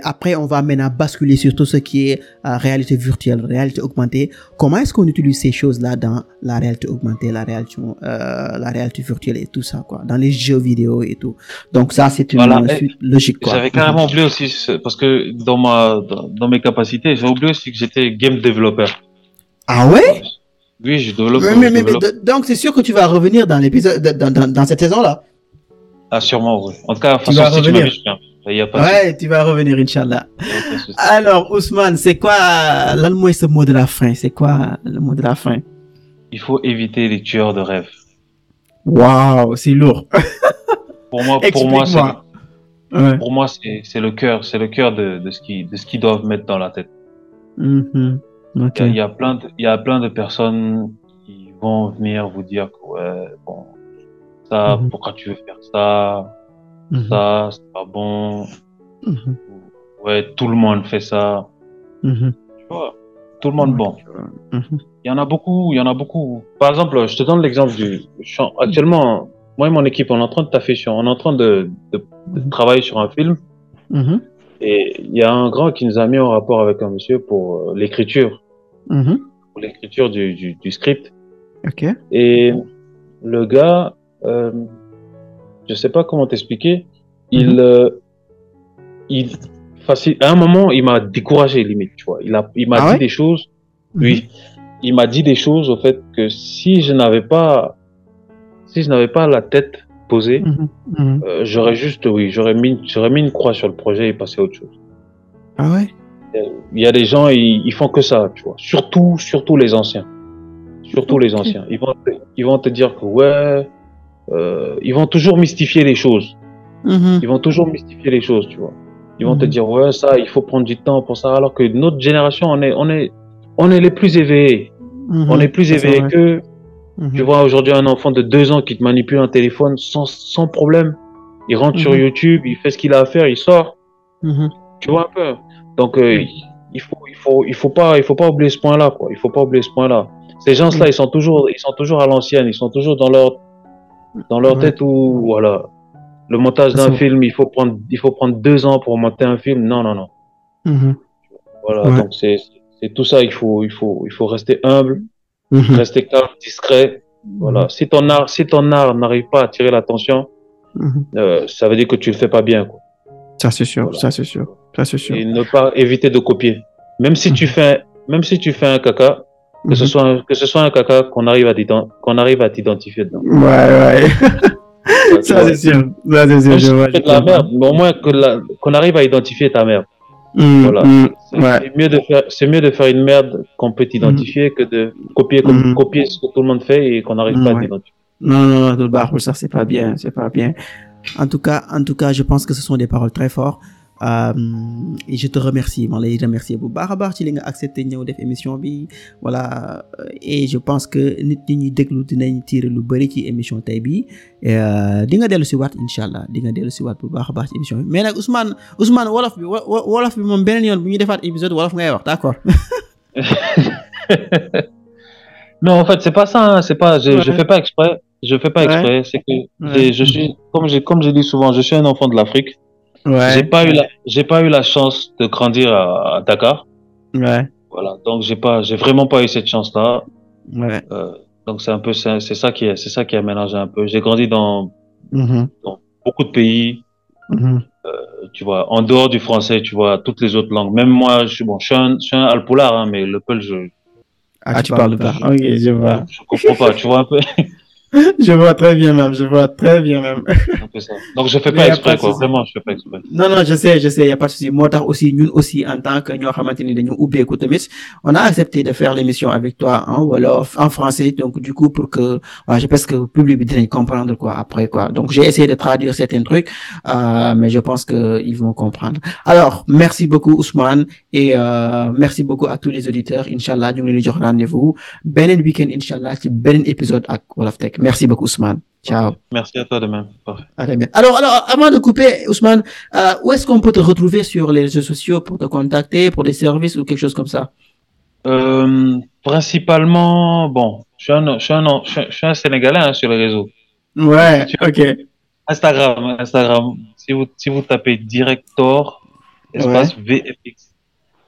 Après, on va maintenant basculer sur tout ce qui est euh, réalité virtuelle, réalité augmentée. Comment est-ce qu'on utilise ces choses-là dans la réalité augmentée, la réalité, euh, la réalité virtuelle et tout ça, quoi, dans les jeux vidéo et tout. Donc ça, c'est une voilà. suite logique. J'avais carrément oublié aussi parce que dans ma dans mes capacités, j'ai oublié aussi que j'étais game développeur. Ah ouais. Oui, je développe. Mais, mais, je mais, développe. mais donc c'est sûr que tu vas revenir dans l'épisode dans, dans, dans, cette saison là. Ah sûrement oui. En tout cas, tu façon, vas si revenir. Tu Y a pas ouais, de... tu vas revenir, Inch'Allah. Alors, Ousmane, c'est quoi, là, ce mot de la fin? C'est quoi le mot de la fin? Il faut éviter les tueurs de rêve. Waouh, c'est lourd. pour moi, pour moi, c'est, ouais. pour moi, c'est, le cœur, c'est le cœur de, de ce qui, de ce qu'ils doivent mettre dans la tête. Mm -hmm. okay. Il y a plein de, il y a plein de personnes qui vont venir vous dire que, ouais, bon, ça, mm -hmm. pourquoi tu veux faire ça? Mm -hmm. Ça, c'est pas bon. Mm -hmm. Ouais, tout le monde fait ça. Mm -hmm. Tu vois, tout le monde bon. Mhm. Il y en a beaucoup, il y en a beaucoup. Par exemple, je te donne l'exemple du. Actuellement, moi et mon équipe, on est en train de taffer sur, on est en train de, de, de mhm. travailler sur un film. Mhm. Et il y a un grand qui nous a mis en rapport avec un monsieur pour euh, l'écriture, pour l'écriture du, du, du, script. Ok. Et le gars. Euh, je sais pas comment t'expliquer, mhm. il, mm -hmm. euh, il facile, à un moment, il m'a découragé limite, tu vois. Il a, il m'a ah dit ouais? des choses, mhm. oui, mm -hmm. il m'a dit des choses au fait que si je n'avais pas, si je n'avais pas la tête posée, mm -hmm. euh, j'aurais juste, oui, j'aurais mis, j'aurais mis une croix sur le projet et passé à autre chose. Ah ouais. Euh, il y a des gens, ils, ils font que ça, tu vois. Surtout, surtout les anciens. Surtout okay. les anciens. Ils vont, ils vont te dire que ouais, euh, ils vont toujours mystifier les choses. Mhm. Ils vont toujours mystifier les choses, tu Ils vont mmh. te mhm. dire ouais alors que notre génération, on est, les plus éveillés. Mhm. On est plus éveillés est tu vois aujourd'hui un enfant de deux ans qui te manipule un téléphone sans, problème. Il rentre sur YouTube, il fait ce qu'il a à faire, il sort. Tu un peu. Donc il faut, pas, oublier ce point-là, Ces gens-là, ils sont toujours, à l'ancienne, ils dans leur ouais. tête où, voilà, le montage d'un film, il faut, prendre, il faut prendre deux ans pour monter un film. Non, non, non. Mm-hmm. Voilà, donc c'est tout ça. Il faut, rester humble, mm-hmm. rester calme, discret. Voilà. Mm-hmm. Si ton art, n'arrive pas à attirer l'attention, euh, veut dire que tu le fais pas bien. Quoi. c'est sûr, Et ne pas éviter de copier. même si tu fais un caca, que ce mhm. soit un, que ce soit un caca qu'on arrive à qu'on arrive à t'identifier dedans. Ouais ouais. ouais ça c'est sûr. Ça c'est sûr. Même je vois, je de la merde, mais au moins qu'on qu arrive à identifier ta merde. Mmh, voilà. Mmh, c'est ouais. mieux de faire c'est mieux de faire une merde qu'on peut t'identifier mmh. que de copier comme, mhm. copier ce que tout le monde fait et qu'on n'arrive mhm, pas ouais. à t'identifier. Non non non, ça c'est pas bien, c'est pas bien. En tout cas, en tout cas, je pense que ce sont des paroles très fortes. Euh, je te remercie ma lay remercier bu baax a baax ci li nga accepté ñëw def émission bi voilà euh, et je pense que nit ñi ñuy déglu dinañ tirer lu bëri ci émission tey bi euh, di nga dellu si waat incha allah dellu si waat bu baax a baax ci émission bi mais nag Ousmane Ousmane wolof bi wolof bi moom beneen yoon bu ñu defaat épisode wolof ngay wax d'accord. no en fait c'est pas ça c'est pas je je fais pas exprès je fais pas exprès comme je dis souvent je suis un enfant de l'Afrique. Ouais. J'ai pas eu la, j'ai pas eu la chance de grandir à, à Dakar. Ouais. Voilà. Donc j'ai pas, j'ai vraiment pas eu cette chance-là. Ouais. Euh, donc c'est un peu, c'est ça qui, c'est ça qui a mélangé un peu. J'ai grandi dans, mm -hmm. dans, beaucoup de pays. Mm -hmm. euh, tu vois, en dehors du français, tu vois, toutes les autres langues. Même moi, je suis bon, je suis un, je suis un alpolar, hein, mais le peul, je. Ah, ah tu parles pas. Je, okay, je, vois. je comprends pas. Tu vois un peu. je vois très bien je vois fais pas exprès Non je sais, je sais, y a pas de souci. moo tax aussi ñun aussi en tant que ñoo xamante ni dañu ubbeeku tamit on a accepté de faire l'émission avec toi en français du coup pour que waaw je pense que public bi dinañ comprendre quoi après quoi. Donc j'ai essayé de traduire certains trucs euh, mais je pense que ils vont comprendre. Alors merci beaucoup Ousmane et euh, merci beaucoup à tous les auditeurs. Inch'Allah ñu ngi Merci beaucoup, Ousmane. Ciao. Merci à toi de Alors, avant de couper, Ousmane, euh, où est-ce qu'on peut te retrouver sur les réseaux sociaux pour te contacter, pour des services ou quelque chose comme ça euh, Principalement, bon, un, je sur les réseaux. Ouais, Instagram, Si vous, tapez Director, espace VFX.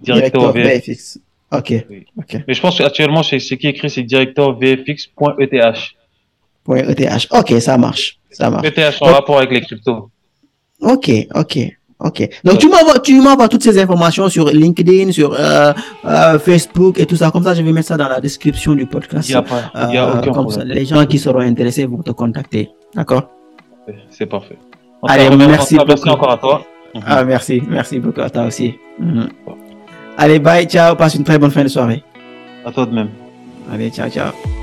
Director, VFX. VFX. Point e ETH. OK, ça marche. ETH en rapport avec les OK, OK. Ok. Donc tu m'envoies, tu toutes ces informations sur LinkedIn, sur euh, euh, Facebook et tout ça. Comme ça, je vais mettre dans la description du podcast. Euh, les gens qui seront intéressés vont te contacter. D'accord. C'est ah, merci. Beaucoup. à toi. aussi. Mm -hmm. Allez, Passe une très bonne fin de soirée. À toi de même. Allez, ciao, ciao.